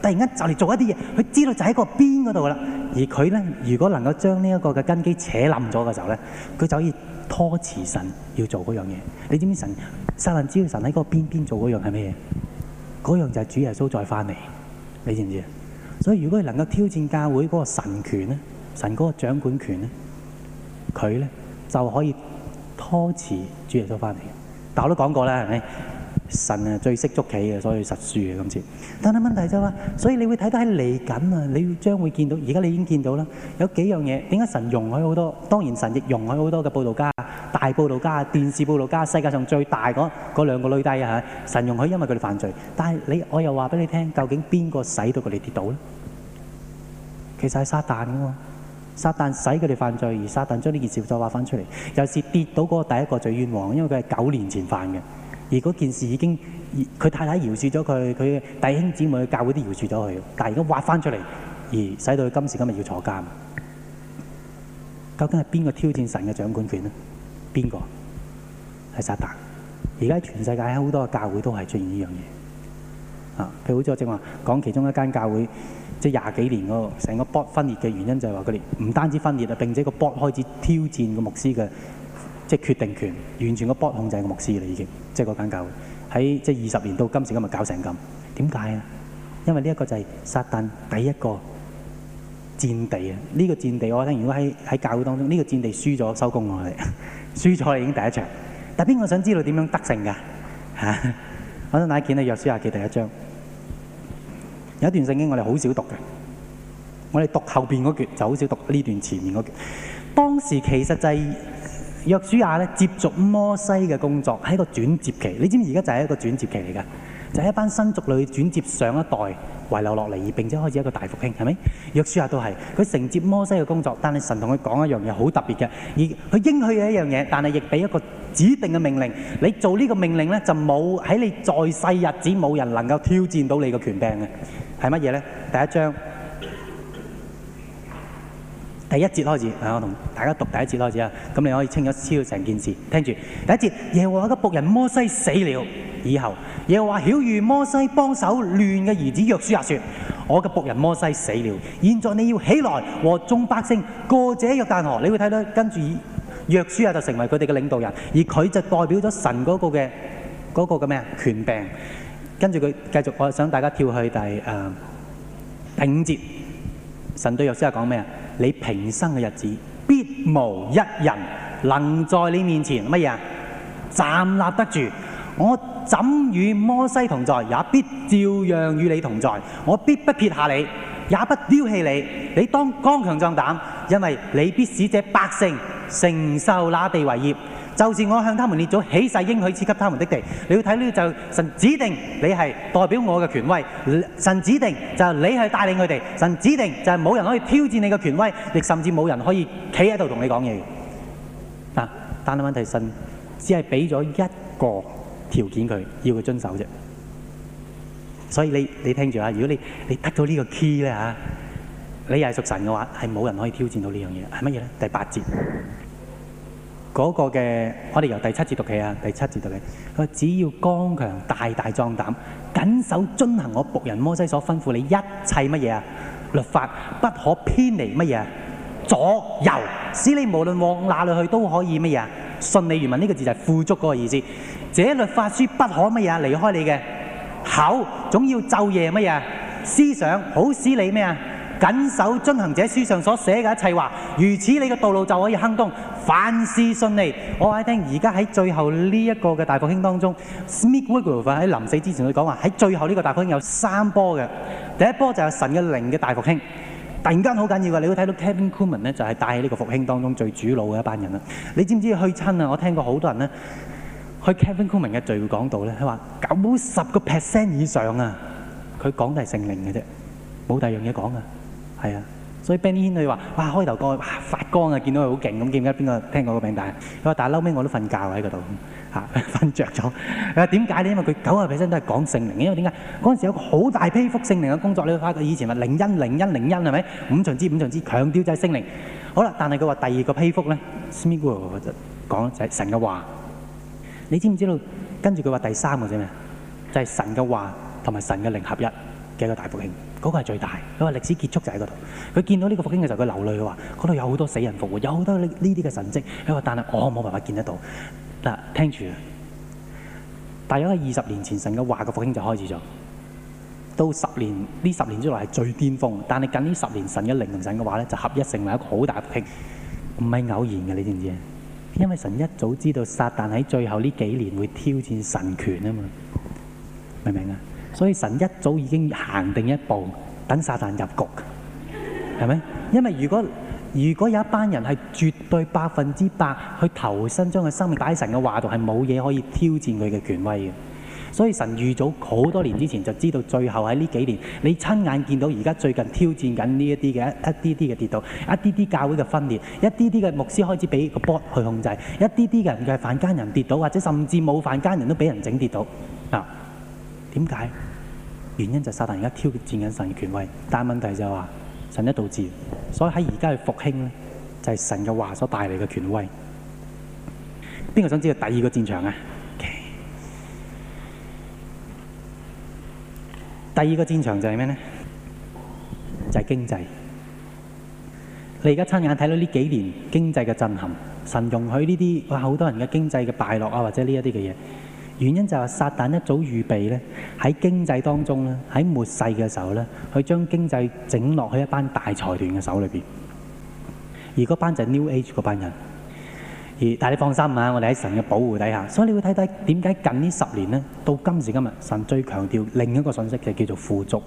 突然間就嚟做一啲嘢，佢知道就喺個邊嗰度啦。而佢咧，如果能夠將呢一個嘅根基扯冧咗嘅時候咧，佢就可以拖遲神要做嗰樣嘢。你知唔知神撒但知道神喺嗰個邊邊做嗰樣係咩嘢？嗰樣就係主耶穌再翻嚟，你知唔知？所以如果佢能夠挑戰教會嗰個神權咧，神嗰個掌管權咧，佢咧就可以拖遲主耶穌翻嚟。但我都講過啦，係咪？神啊最識捉棋嘅，所以實輸嘅今次。但係問題就係話，所以你會睇到喺嚟緊啊，你要將會見到。而家你已經見到啦，有幾樣嘢。點解神容許好多？當然神亦容許好多嘅報道家、大報道家、電視報道家，世界上最大嗰嗰兩個女帝啊。神容許，因為佢哋犯罪。但係你，我又話俾你聽，究竟邊個使到佢哋跌倒咧？其實係撒旦嘅喎，撒旦使佢哋犯罪，而撒旦將呢件事再挖翻出嚟。又是跌倒嗰個第一個最冤枉，因為佢係九年前犯嘅。而嗰件事已經，佢太太饒恕咗佢，佢弟兄姊妹嘅教會都饒恕咗佢，但係而家挖翻出嚟，而使到佢今時今日要坐監。究竟係邊個挑戰神嘅掌管權咧？邊個係撒但？而家全世界好多嘅教會都係出現呢樣嘢。啊，譬如好似我正話講其中一間教會，即係廿幾年嗰個成個博分裂嘅原因就係話佢哋唔單止分裂啊，並且個博開始挑戰個牧師嘅。即係決定權，完全個 box 控制個牧師啦，已經即係嗰間教會喺即係二十年到今時今日搞成咁，點解啊？因為呢一個就係撒旦第一個戰地啊！呢、這個戰地我覺得，如果喺喺教會當中呢、這個戰地輸咗，收工啦，我哋 輸咗啦，已經第一場。但邊個想知道點樣得勝㗎嚇？ 我想睇件喺約書亞記第一章有一段聖經我很少讀的，我哋好少讀嘅。我哋讀後邊嗰橛就好少讀呢段前面嗰橛。當時其實就係、是。約書亞接續摩西嘅工作，係一個轉接期。你知唔知而家就係一個轉接期嚟，就係、是、一班新族類轉接上一代遺留落嚟，並並且開始一個大復興，係咪？約書亞都係佢承接摩西嘅工作，但係神同佢講一樣嘢，好特別嘅，而佢應許一樣嘢，但係亦畀一個指定嘅命令，你做呢個命令呢，就冇喺你在世日子冇人能夠挑戰到你嘅權柄嘅，係乜嘢呢？第一章。第一節開始，我同大家讀第一節開始啊。咁你可以清咗超成件事。聽住第一節，耶和華嘅僕人摩西死了以後，耶和華曉喻摩西，幫手亂嘅兒子約書亞説：我嘅僕人摩西死了，現在你要起來和眾百姓過這約旦河。你會睇到跟住約書亞就成為佢哋嘅領導人，而佢就代表咗神嗰個嘅嗰個嘅咩啊權柄。跟住佢繼續，我想大家跳去第誒、呃、第五節，神對約書亞講咩啊？你平生嘅日子，必無一人能在你面前乜嘢？站立得住，我怎與摩西同在，也必照樣與你同在。我必不撇下你，也不丟棄你。你當剛強壯膽，因為你必使這百姓承受那地為業。就是我向他們列祖起誓應許賜給他們的地，你要睇呢，就神指定你係代表我嘅權威，神指定就是你係帶領佢哋，神指定就係冇人可以挑戰你嘅權威，亦甚至冇人可以企喺度同你講嘢嘅。嗱，但係問題神只係俾咗一個條件佢，要佢遵守啫。所以你你聽住啊，如果你，你得到呢個 key 你、啊、嚇，你係屬神嘅話，係冇人可以挑戰到呢樣嘢，係乜嘢呢？第八節。嗰個嘅，我哋由第七節讀起啊！第七節讀起，佢說只要剛強大大壯膽，緊守遵行我僕人摩西所吩咐你一切乜嘢啊律法，不可偏離乜嘢啊左右，使你無論往哪裏去都可以乜嘢啊順利，原文呢個字就係富足嗰個意思。這律法書不可乜嘢啊離開你嘅口，總要晝夜乜嘢啊思想，好使你乜嘢啊緊守遵行者書上所寫嘅一切話，如此你嘅道路就可以亨通，凡事順利。我話你聽而家喺最後呢一個嘅大復興當中，Smith Wigglesworth 喺臨死之前佢講話喺最後呢個大復興有三波嘅，第一波就係神嘅靈嘅大復興，突然間好緊要嘅，你會睇到 Kevin Kuhlman 咧就係帶喺呢個復興當中最主腦嘅一班人啦。你知唔知去親啊？我聽過好多人咧去 Kevin Kuhlman 嘅聚會講到咧，佢話九十個 percent 以上啊，佢講都係聖靈嘅啫，冇第二樣嘢講啊。係啊，所以 Benny Hinn 佢話：，哇，開頭講發光啊，見到佢好勁，咁記唔記得邊個聽過個名？但係，我但係嬲尾我都瞓覺喺嗰度，吓瞓着咗。啊，點解咧？因為佢九啊 percent 都係講聖靈，因為點解？嗰陣時有個好大批復聖靈嘅工作咧，你會發覺以前咪零一零一零一係咪？五重支五重支強調就係聖靈。好啦，但係佢話第二個批復咧，Smigul 就講就係神嘅話。你知唔知道？跟住佢話第三個係咩？就係神嘅話同埋神嘅靈合一，嘅一個大復興？嗰個係最大的，佢話歷史結束就喺嗰度。佢見到呢個復興嘅時候，佢流淚話：嗰度有好多死人復活，有好多呢啲嘅神跡。佢話：但係我冇辦法見得到。嗱，聽住，大約喺二十年前神嘅話嘅復興就開始咗，到十年呢十年之內係最巔峰。但係近呢十年神嘅靈同神嘅話咧，就合一成為一個好大嘅復興，唔係偶然嘅，你知唔知？因為神一早知道撒但喺最後呢幾年會挑戰神權啊嘛，明唔明啊？所以神一早已經行定一步，等撒旦入局，係咪？因為如果如果有一班人係絕對百分之百去投身將佢生命擺喺神嘅話度，係冇嘢可以挑戰佢嘅權威嘅。所以神預早好多年之前就知道，最後喺呢幾年，你親眼見到而家最近挑戰緊呢一啲嘅一啲啲嘅跌倒，一啲啲教會嘅分裂，一啲啲嘅牧師開始俾個 board 去控制，一啲啲嘅人嘅犯奸人跌倒，或者甚至冇犯奸人都俾人整跌倒啊！點解？原因就係撒但而家挑戰緊神嘅權威，但係問題就係話神一倒置，所以喺而家嘅復興咧，就係神嘅話所帶嚟嘅權威。邊個想知道第二個戰場啊？Okay. 第二個戰場就係咩咧？就係經濟。你而家親眼睇到呢幾年經濟嘅震撼，神容許呢啲哇，好多人嘅經濟嘅敗落啊，或者呢一啲嘅嘢。原因就係話撒但一早預備咧，喺經濟當中咧，喺末世嘅時候咧，佢將經濟整落去一班大財團嘅手裏邊。而嗰班就係 New Age 嗰班人而。而但係你放心啊，我哋喺神嘅保護底下，所以你會睇睇點解近呢十年咧，到今時今日，神最強調另一個信息就叫做富足。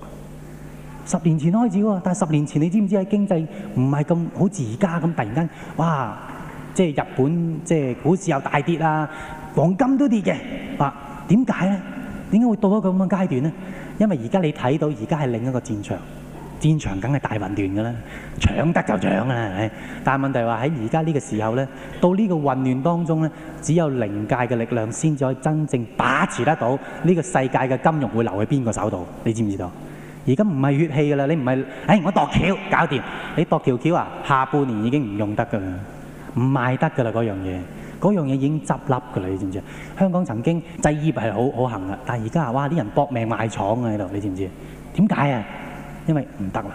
十年前開始喎，但係十年前你知唔知喺經濟唔係咁好似而家咁，突然間哇，即係日本即係股市又大跌啦。黃金都跌嘅，話點解咧？點解會到咗咁嘅階段咧？因為而家你睇到，而家係另一個戰場，戰場梗係大混亂嘅啦，搶得就搶啦，係。但係問題係話喺而家呢個時候咧，到呢個混亂當中咧，只有靈界嘅力量先至可以真正把持得到呢個世界嘅金融會留喺邊個手度？你知唔知道？而家唔係血氣嘅啦，你唔係，哎，我度橋搞掂，你度條橋啊，下半年已經唔用得嘅啦，唔賣得嘅啦嗰樣嘢。嗰樣嘢已經執笠㗎啦，你知唔知道？香港曾經製衣係好好行㗎，但係而家啊，哇！啲人搏命賣廠啊喺度，你知唔知道？點解呀？因為唔得啦。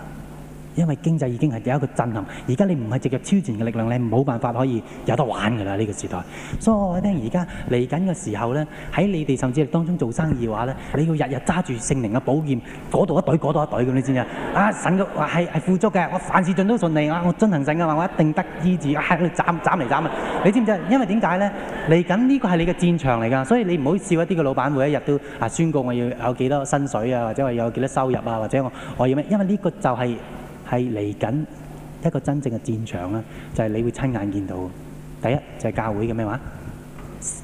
因為經濟已經係有一個震撼，而家你唔係植入超前嘅力量，你冇辦法可以有得玩㗎啦。呢、這個時代，所以我聽而家嚟緊嘅時候咧，喺你哋甚至力當中做生意嘅話咧，你要日日揸住聖靈嘅寶劍，嗰度一隊，嗰度一隊咁，你知唔知啊？啊神嘅係係富足嘅，我凡事盡都順利啊！我遵行神嘅話，我一定得醫治啊！斬斬嚟斬去，你知唔知因為點解咧？嚟緊呢個係你嘅戰場嚟㗎，所以你唔好笑一啲嘅老闆，每一日都啊宣告我要有幾多薪水啊，或者我要有幾多收入啊，或者我我要咩？因為呢個就係、是。係嚟緊一個真正嘅戰場就係、是、你會親眼見到的。第一就係、是、教會嘅咩話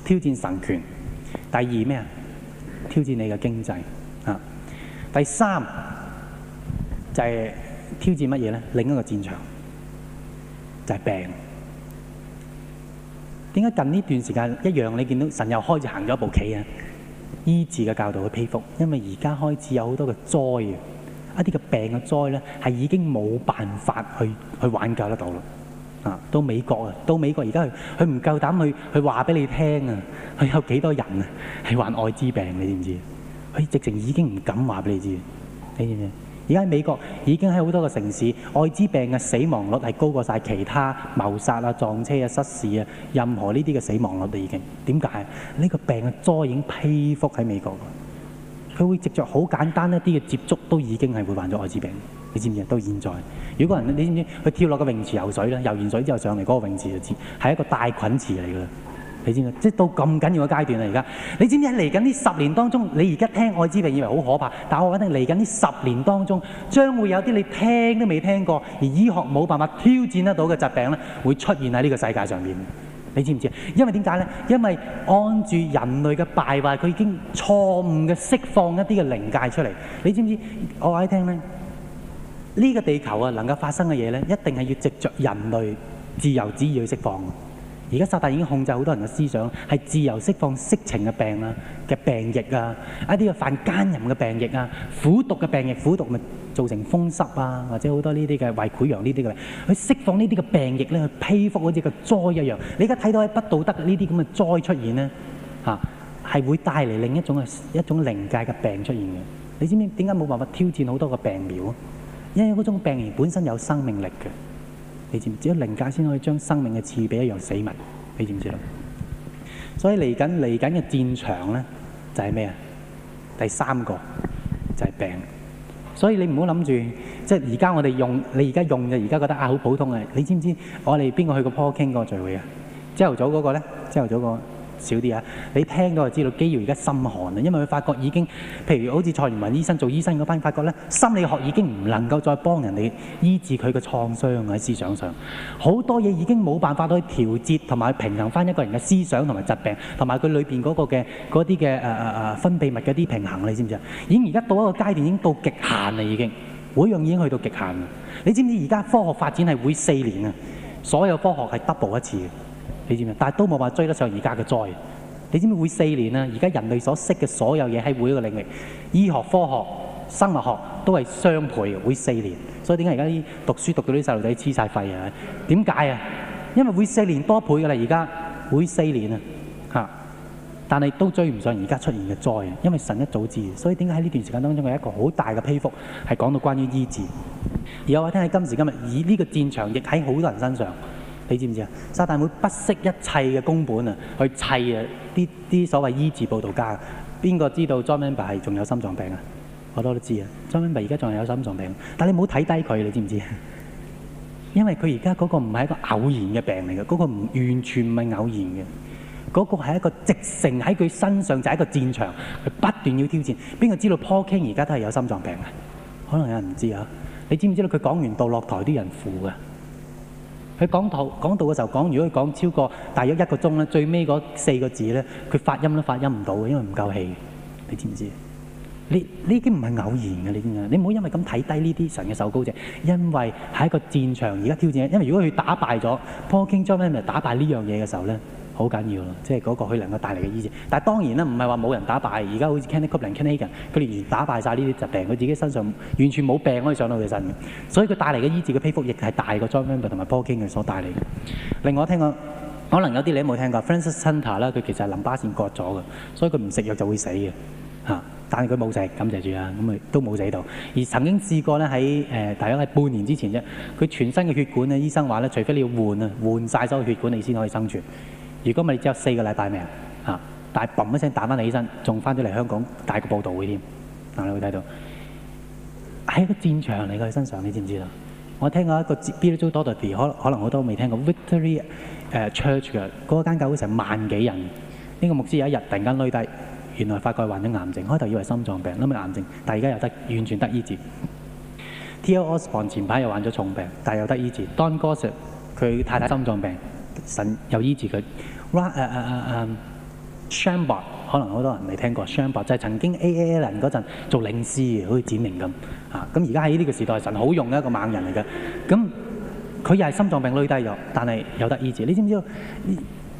挑戰神權，第二咩啊挑戰你嘅經濟、啊、第三就係、是、挑戰乜嘢呢？另一個戰場就係、是、病。點解近呢段時間一樣？你見到神又開始行咗一步棋啊？醫治嘅教導去披覆，因為而家開始有好多嘅災。一啲嘅病嘅災咧，係已經冇辦法去去挽救得到啦。啊，到美國啊，到美國而家佢佢唔夠膽去去話俾你聽啊，佢有幾多人啊係患艾滋病，你知唔知？佢直情已經唔敢話俾你知。你知唔知？而家喺美國已經喺好多個城市，艾滋病嘅死亡率係高過晒其他謀殺啊、撞車啊、失事啊，任何呢啲嘅死亡率都已經。點解？呢個病嘅災已經披覆喺美國。佢會藉著好簡單一啲嘅接觸，都已經係會患咗艾滋病。你知唔知？到現在，如果人你知唔知？佢跳落個泳池游水啦，游完水之後上嚟嗰、那個泳池就知、是、係一個大菌池嚟㗎啦。你知唔知？即係到咁緊要嘅階段啦，而家你知唔知？喺嚟緊呢十年當中，你而家聽艾滋病以為好可怕，但係我肯定嚟緊呢十年當中，將會有啲你聽都未聽過而醫學冇辦法挑戰得到嘅疾病咧，會出現喺呢個世界上面。你知唔知？因為點解呢？因為按住人類嘅敗壞，佢已經錯誤嘅釋放一啲嘅靈界出嚟。你知唔知？我話你聽呢，呢個地球能夠發生嘅嘢呢，一定係要藉著人類自由之意去釋放。而家撒旦已經控制好多人嘅思想，係自由釋放色情嘅病啊，嘅病疫啊，一啲嘅犯奸淫嘅病疫啊，苦毒嘅病疫，苦毒咪造成風濕啊，或者好多呢啲嘅胃潰瘍呢啲嘅。去釋放呢啲嘅病疫咧，去批覆好似個災一樣。你而家睇到喺不道德呢啲咁嘅災出現咧，嚇、啊、係會帶嚟另一種嘅，一種靈界嘅病出現嘅。你知唔知點解冇辦法挑戰好多個病苗？因為嗰種病原本身有生命力嘅。你知唔知？只有靈界先可以將生命嘅賜俾一樣死物。你知唔知道？所以嚟緊嚟緊嘅戰場咧，就係咩啊？第三個就係病。所以你唔好諗住，即係而家我哋用，你而家用嘅而家覺得啊好普通嘅。你知唔知？我哋邊個去過 Paul King 嗰個聚會啊？朝頭早嗰個咧，朝頭早嗰個。少啲啊！你聽到就知道基耀而家心寒啊，因為佢發覺已經，譬如好似蔡元文醫生做醫生嗰班，發覺咧心理學已經唔能夠再幫人哋醫治佢嘅創傷啊！喺思想上，好多嘢已經冇辦法可以調節同埋平衡翻一個人嘅思想同埋疾病，同埋佢裏邊嗰個嘅嗰啲嘅誒誒誒分泌物嘅一啲平衡啊！你知唔知啊？已經而家到一個階段，已經到極限啦！已經每樣已經去到極限喇。你知唔知而家科學發展係每四年啊，所有科學係 double 一次嘅。你知但係都冇話追得上而家嘅災。你知唔知每四年啊？而家人類所識嘅所有嘢喺每一個領域，醫學、科學、生物學都係雙倍嘅，每四年。所以點解而家啲讀書讀到啲細路仔黐晒肺啊？點解啊？因為每四年多倍㗎啦！而家每四年啊嚇，但係都追唔上而家出現嘅災啊！因為神一早知，所以點解喺呢段時間當中有一個好大嘅批覆，係講到關於醫治。而我話你聽，喺今時今日，以呢個戰場亦喺好多人身上。你知唔知啊？撒旦會不惜一切嘅工本啊，去砌啊啲啲所謂醫治報道家。邊個知道 John Mamba 係仲有心臟病啊？我都，都知啊。John Mamba 而家仲係有心臟病，但你唔好睇低佢，你知唔知？因為佢而家嗰個唔係一個偶然嘅病嚟嘅，嗰、嗰個不完全唔係偶然嘅，嗰、嗰個係一個直成喺佢身上就係一個戰場，佢不斷要挑戰。邊個知道 Paul King 而家都係有心臟病啊？可能有人唔知道啊？你知唔知道佢講完道落台啲人扶嘅？佢講道講道嘅時候講，如果佢講超過大約一個鐘咧，最尾嗰四個字咧，佢發音都發音唔到嘅，因為唔夠氣。你知唔知？呢啲已經唔係偶然嘅，呢啲啊，你唔好因為咁睇低呢啲神嘅手高隻，因為係一個戰場而家挑戰，因為如果佢打敗咗 p o r k i n 破經章咧，咪打敗呢樣嘢嘅時候咧。好緊要咯，即係嗰個佢能夠帶嚟嘅醫治。但係當然啦，唔係話冇人打敗。而家好似 Candice Cooper、Candice，佢連連打敗晒呢啲疾病，佢自己身上完全冇病可以上到佢身嘅，所以佢帶嚟嘅醫治嘅批复亦係大過 John Member 同埋 Paul King 嘅所帶嚟嘅。另外我聽講可能有啲你冇聽過，Francis Hunter 啦，佢其實淋巴腺割咗嘅，所以佢唔食藥就會死嘅嚇。但係佢冇食，感謝住啊，咁咪都冇死到。而曾經試過咧，喺誒，大約喺半年之前啫，佢全身嘅血管咧，醫生話咧，除非你要換啊，換晒所有血管，你先可以生存。如果咪你只有四個禮拜命啊？嚇！但係嘣一聲打翻你起身，仲翻咗嚟香港，帶個報道會添。嗱，你會睇到喺個戰場嚟佢身上，你知唔知啊？我聽過一個 Bishop Dordy 可可能好多未聽過 Victory 誒 Church 嘅嗰間教會成萬幾人。呢、呢個牧師有一日突然間累低，原來發覺患咗癌症，開頭以為心臟病，諗住癌症，但係而家又得完全得醫治。T.L. Osborn 前排又患咗重病，但係又得醫治。Don Gossett 佢太太心臟病，神又醫治佢。Run、uh, 誒、uh, 誒、uh, 誒、uh, Shambo，可能好多人未聽過，Shambo 就係曾經 A. A. Allen 嗰陣做領事，好似展明咁啊！咁而家喺呢個時代，神好用一個猛人嚟嘅。咁佢又係心臟病累低咗，但係有得醫治。你知唔知道？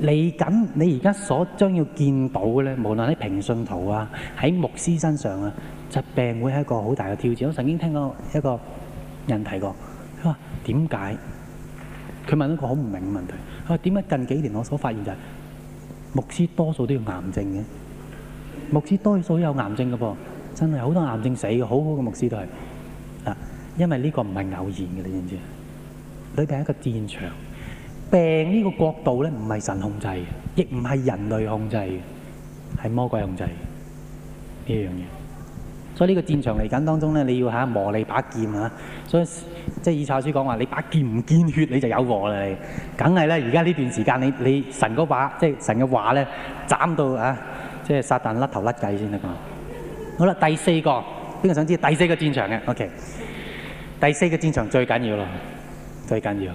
嚟緊你而家所將要見到嘅咧，無論喺平信徒啊，喺牧師身上啊，疾病會係一個好大嘅挑戰。我曾經聽過一個人提過，佢話點解？佢問咗個好唔明嘅問題。佢，點解近幾年我所發現就係牧師多數都要癌症嘅，牧師多數都有癌症嘅噃，真係好多癌症死嘅，好好嘅牧師都係啊，因為呢個唔係偶然嘅，你知唔知？裏邊係一個戰場，病呢個國度咧，唔係神控制嘅，亦唔係人類控制嘅，係魔鬼控制嘅呢樣嘢。所以呢個戰場嚟緊當中咧，你要嚇、啊、磨你把劍啊。所以即以蔡書講話，你把劍唔見血，你就有禍啦。你梗係咧，而家呢段時間，你你神嗰把即係神嘅話咧，斬到啊，即係撒旦甩頭甩計先得嘛。好啦，第四個邊個想知第四個戰場嘅？OK，第四個戰場最緊要啦，最緊要。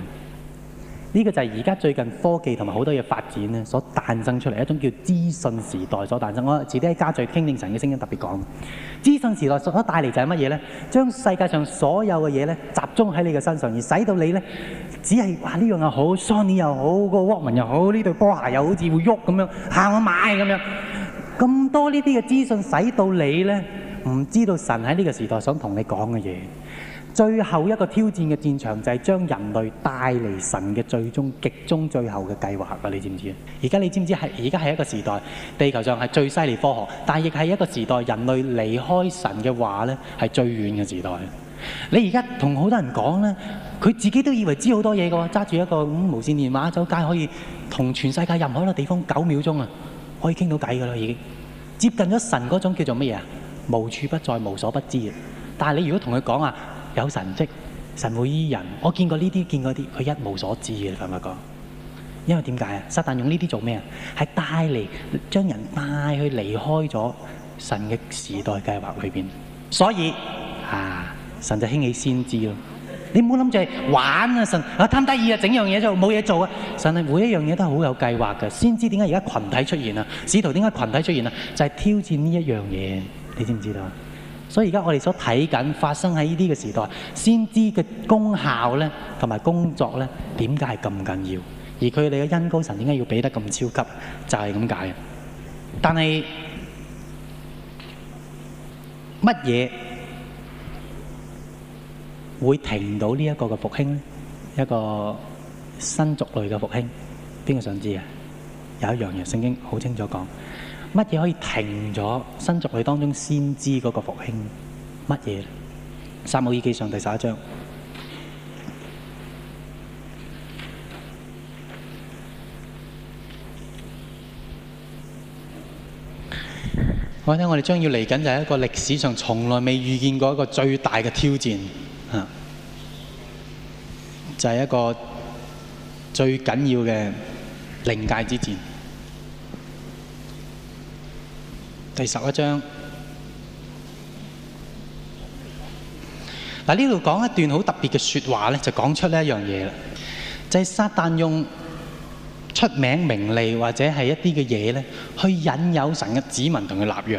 呢個就係而家最近科技同埋好多嘢發展所誕生出嚟一種叫資訊時代所誕生。我自己喺家在聽定神嘅聲音特別講，資訊時代所帶嚟就係乜嘢呢？將世界上所有嘅嘢呢，集中喺你嘅身上，而使到你呢，只係話呢樣又好，Sony 又好，個 Walkman 又好，呢、那個、對波鞋又好似會喐咁樣，喊我買咁樣。咁多呢啲嘅資訊使到你呢唔知道神喺呢個時代想同你講嘅嘢。最後一個挑戰嘅戰場就係將人類帶嚟神嘅最終極終、最後嘅計劃啊！你知唔知啊？而家你知唔知係？而家係一個時代，地球上係最犀利科學，但係亦係一個時代，人類離開神嘅話呢，係最遠嘅時代。你而家同好多人講呢，佢自己都以為知好多嘢嘅喎，揸住一個咁無線電話，走街可以同全世界任何一個地方九秒鐘啊，可以傾到偈嘅啦，已經接近咗神嗰種叫做乜嘢啊？無處不在、無所不知。但係你如果同佢講啊，有神蹟、神會醫人，我見過呢啲，見過啲，佢一無所知嘅，你發唔發覺？因為點解啊？撒但用呢啲做咩啊？係帶嚟，將人帶去離開咗神嘅時代計劃裏邊。所以啊，神就興起先知咯。你唔好諗住玩啊，神啊貪得意啊，整樣嘢就冇嘢做啊。神係，每一樣嘢都係好有計劃嘅。先知點解而家群體出現啊？使徒點解群體出現啊？就係挑戰呢一樣嘢，你知唔知道啊？所以而家我哋所睇緊發生喺呢啲嘅時代，先知嘅功效咧同埋工作咧，點解係咁緊要？而佢哋嘅恩膏神點解要俾得咁超級？就係咁解嘅。但係乜嘢會停到呢一個嘅復興？一個新族類嘅復興，邊個想知啊？有一樣嘢聖經好清楚講。乜嘢可以停咗新族佢當中先知嗰個復興？乜嘢？撒母耳記上第十一章。我睇我哋將要嚟緊就係一個歷史上從來未遇見過一個最大嘅挑戰，吓，就係、是、一個最緊要嘅靈界之戰。第十一章這呢度講一段好特別嘅說話，就講出呢一樣嘢，就係撒旦用出名名利或者係一啲嘅嘢去引誘神嘅子民同佢立約。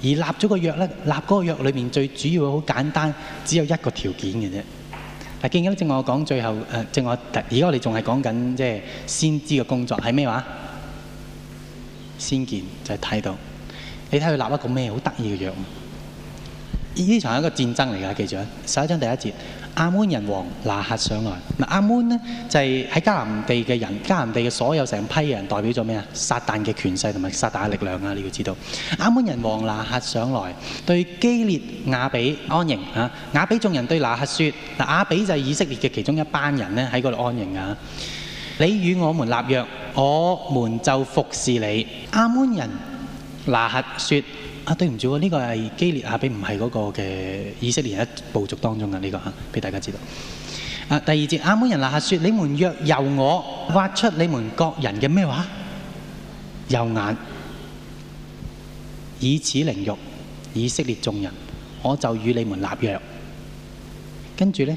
而立咗個約呢，立嗰個約裏面最主要好簡單，只有一個條件嘅啫。嗱，記緊正我講最後誒、呃、正我而家我哋仲係講緊即係先知嘅工作係咩話？先見就係、是、睇到。你睇佢立一個咩好得意嘅約？呢場係一個戰爭嚟㗎，記住啊！十一章第一節，亞門人王拿客上來。嗱，亞門呢，就係喺迦南地嘅人，迦南地嘅所有成批人代表咗咩啊？撒旦嘅權勢同埋撒旦嘅力量啊！你要知道，亞門人王拿客上來，對基列亞比安營嚇，亞比眾人對拿客說：嗱，亞比就係以色列嘅其中一班人呢。」喺嗰度安營啊！你與我們立約，我們就服侍你。亞門人。拿轄，説啊，對唔住喎，呢、這個係基列雅比唔係嗰個嘅以色列人嘅部族當中嘅呢、這個嚇，給大家知道。啊、第二節亞門人拿轄説：你們若由我挖出你們各人嘅咩話，右眼，以此凌辱以色列眾人，我就與你們立約。跟住咧。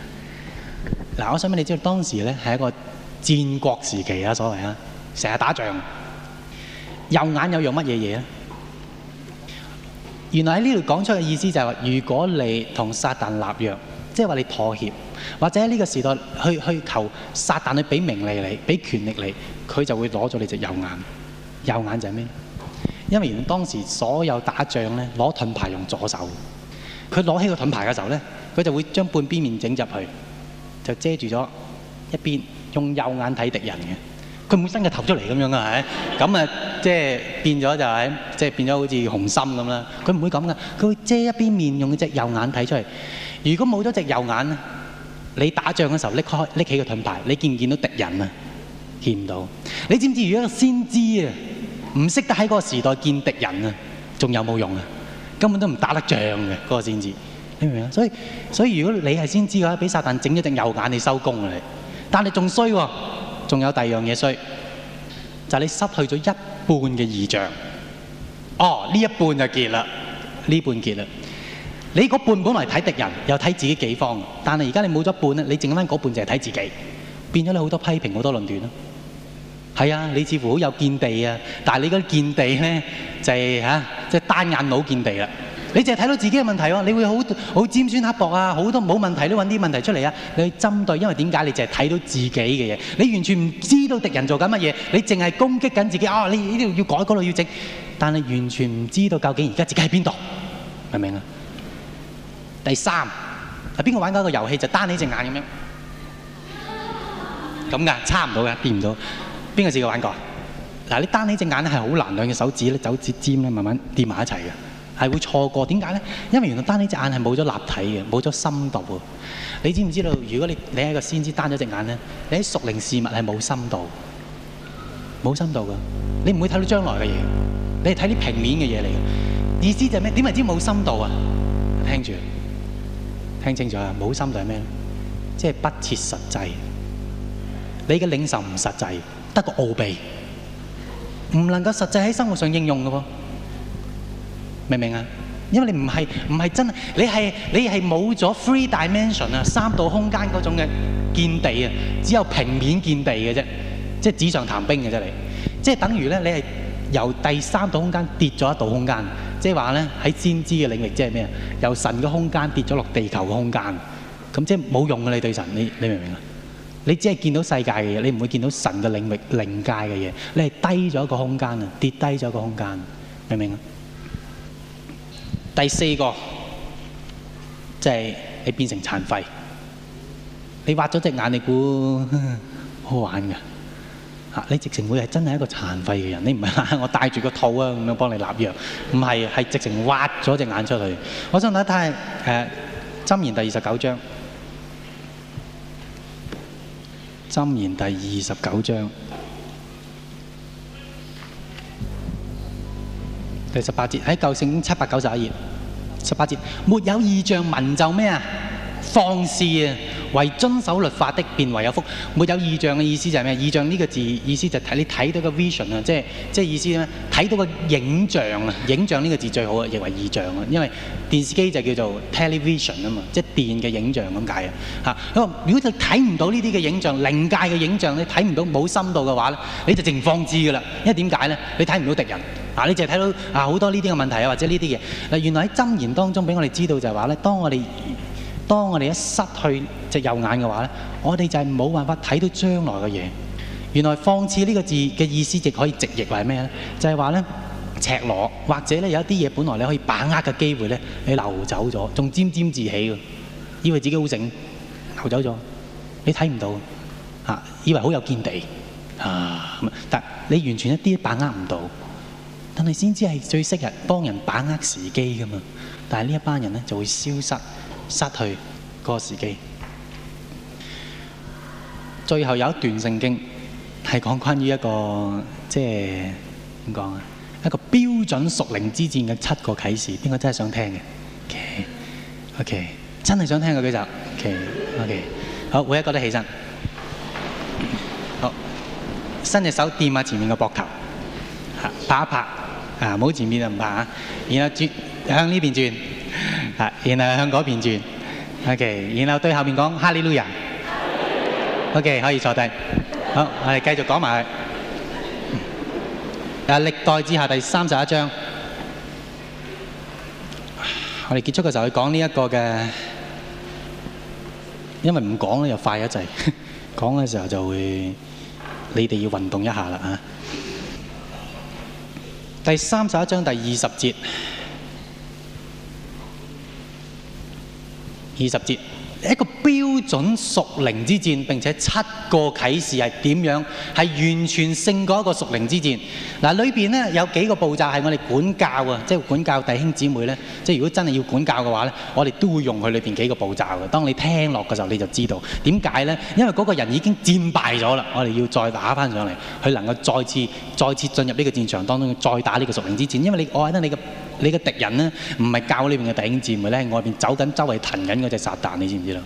嗱，我想問你知道當時呢係一個戰國時期啊，所謂啊，成日打仗，右眼有用乜嘢嘢呢？原來喺呢度講出嘅意思就係話，如果你同撒旦立約，即係話你妥協，或者喺呢個時代去，去求撒旦去俾名利你，俾權力你，佢就會攞咗你隻右眼。右眼就係咩？因為原來當時所有打仗呢，攞盾牌用左手，佢攞起個盾牌嘅時候呢，佢就會將半邊面整入去。就遮住咗一邊，用右眼睇敵人嘅。佢唔會伸個頭出嚟咁樣啊，係。咁啊， 即係變咗就喺，即係變咗好似紅心咁啦。佢唔會咁嘅，佢會遮一邊面，用隻右眼睇出嚟。如果冇咗隻右眼咧，你打仗嘅時候拎開拎起個盾牌，你見唔見到敵人啊？見唔到。你知唔知如果個先知啊，唔識得喺嗰個時代見敵人啊，仲有冇用啊？根本都唔打得仗嘅嗰個先知。所以所以如果你係先知嘅話，俾撒旦整咗隻右眼，你收工嘅你。但係仲衰喎，仲有第二樣嘢衰，就係、是、你失去咗一半嘅異象。哦，呢一半就結啦，呢半結啦。你嗰半本嚟睇敵人，又睇自己己方，但係而家你冇咗一半啦，你剩翻嗰半就係睇自己，變咗你好多批評好多論斷囉。係啊，你似乎好有見地啊，但係你嗰見地咧就係、是、嚇，即、啊、係、就是、單眼佬見地啦。你淨係睇到自己嘅問題喎，你會好好尖酸刻薄啊，好多冇問題都揾啲問題出嚟啊，你去針對，因為點解你淨係睇到自己嘅嘢，你完全唔知道敵人做緊乜嘢，你淨係攻擊緊自己啊！你呢度要改，嗰度要整，但係完全唔知道究竟而家自己喺邊度，明唔明啊？第三係邊個玩過一個遊戲就單你隻眼咁樣？咁噶，差唔多噶，掂唔到。邊個試過玩過？嗱，你單你隻眼咧係好難，兩隻手指咧走指尖咧慢慢掂埋一齊嘅。係會錯過，點解咧？因為原來單呢隻眼係冇咗立體嘅，冇咗深度啊！你知唔知道？如果你你係個先知，單咗隻眼咧，你喺屬靈事物係冇深度，冇深度噶，你唔會睇到將來嘅嘢，你係睇啲平面嘅嘢嚟嘅。意思就係咩？點為之冇深度啊？聽住，聽清楚啊！冇深度係咩？即係不切實際，你嘅領受唔實際，得個奧秘，唔能夠實際喺生活上應用噶喎。明唔明啊？因為你唔係，唔係真的，你係，你係冇咗 three dimension 啊，三度空間嗰種嘅見地啊，只有平面見地嘅啫，即係紙上談兵嘅啫你。即係等於咧，你係由第三度空間跌咗一度空間，即係話咧，喺先知嘅領域即係咩啊？由神嘅空間跌咗落地球嘅空間，咁即係冇用嘅你對神，你，你明唔明啊？你只係見到世界嘅嘢，你唔會見到神嘅領域靈界嘅嘢，你係低咗一個空間啊，跌低咗一個空間，明唔明啊？第四個，即係你變成殘廢。你挖咗隻眼，你估好玩嘅？你直情會係真係一個殘廢嘅人？你唔係我戴住個套啊，咁樣幫你納藥。唔係，係直情挖咗隻眼出嚟。我想睇一睇誒啊，《箴言》第二十九章，《箴言》第二十九章。第十八節喺舊聖經七百九十一頁，十八節沒有異象文，民就咩啊？放肆啊！為遵守律法的便為有福，沒有異象嘅意思就係咩？異象呢個字意思就係你睇到個 vision 啊，即係即係意思咧，睇到個影像啊，影像呢個字最好啊，認為異象啊，因為電視機就叫做 television 啊嘛，即係電嘅影像咁解啊。嚇、這個，如果你睇唔到呢啲嘅影像，靈界嘅影像你睇唔到冇深度嘅話咧，你就淨放肆噶啦，因為點解咧？你睇唔到敵人啊，你淨係睇到啊好多呢啲嘅問題啊，或者呢啲嘢嗱，原來喺箴言當中俾我哋知道就係話咧，當我哋。當我哋一失去隻右眼嘅話咧，我哋就係冇辦法睇到將來嘅嘢。原來放棄呢個字嘅意思，亦可以直譯為咩咧？就係話咧，赤裸或者咧有一啲嘢，本來你可以把握嘅機會咧，你流走咗，仲沾沾自喜，以為自己好醒，流走咗，你睇唔到啊，以為好有見地啊，但你完全一啲都把握唔到，但係先知係最適合幫人把握時機噶嘛。但係呢一班人咧就會消失。失去嗰個時機。最後有一段聖經係講關於一個即係點講啊？一個標準屬靈之戰嘅七個啟示，邊個真係想聽嘅？OK，OK，真係想聽嘅舉手，OK，OK。好，每一個都起身。好，伸隻手掂下前面嘅膊頭，嚇拍一拍啊！唔好前面就唔拍啊！然後轉向呢邊轉。係，然後向嗰邊轉。O K，然後對後面講 Hallelujah。O K，可以坐低。好，我哋繼續講埋。啊，歷代志下第三十一章，我哋結束嘅時候去講呢一個嘅，因為唔講咧又快一滯，講嘅時候就會，你哋要運動一下啦啊。第三十一章第二十節。二十節。一個標準屬靈之戰，並且七個啟示係點樣？係完全勝過一個屬靈之戰。嗱，裏面呢有幾個步驟係我哋管教啊，即係管教弟兄姊妹呢。即係如果真係要管教嘅話呢，我哋都會用佢裏面幾個步驟嘅。當你聽落嘅時候，你就知道點解呢？因為嗰個人已經戰敗咗啦，我哋要再打翻上嚟，佢能夠再次、再次進入呢個戰場當中，再打呢個屬靈之戰。因為我覺得你嘅你嘅你嘅敵人呢，唔係教裏邊嘅弟兄姊妹呢，外面走緊周圍騰緊嗰隻撒旦，你知唔知道？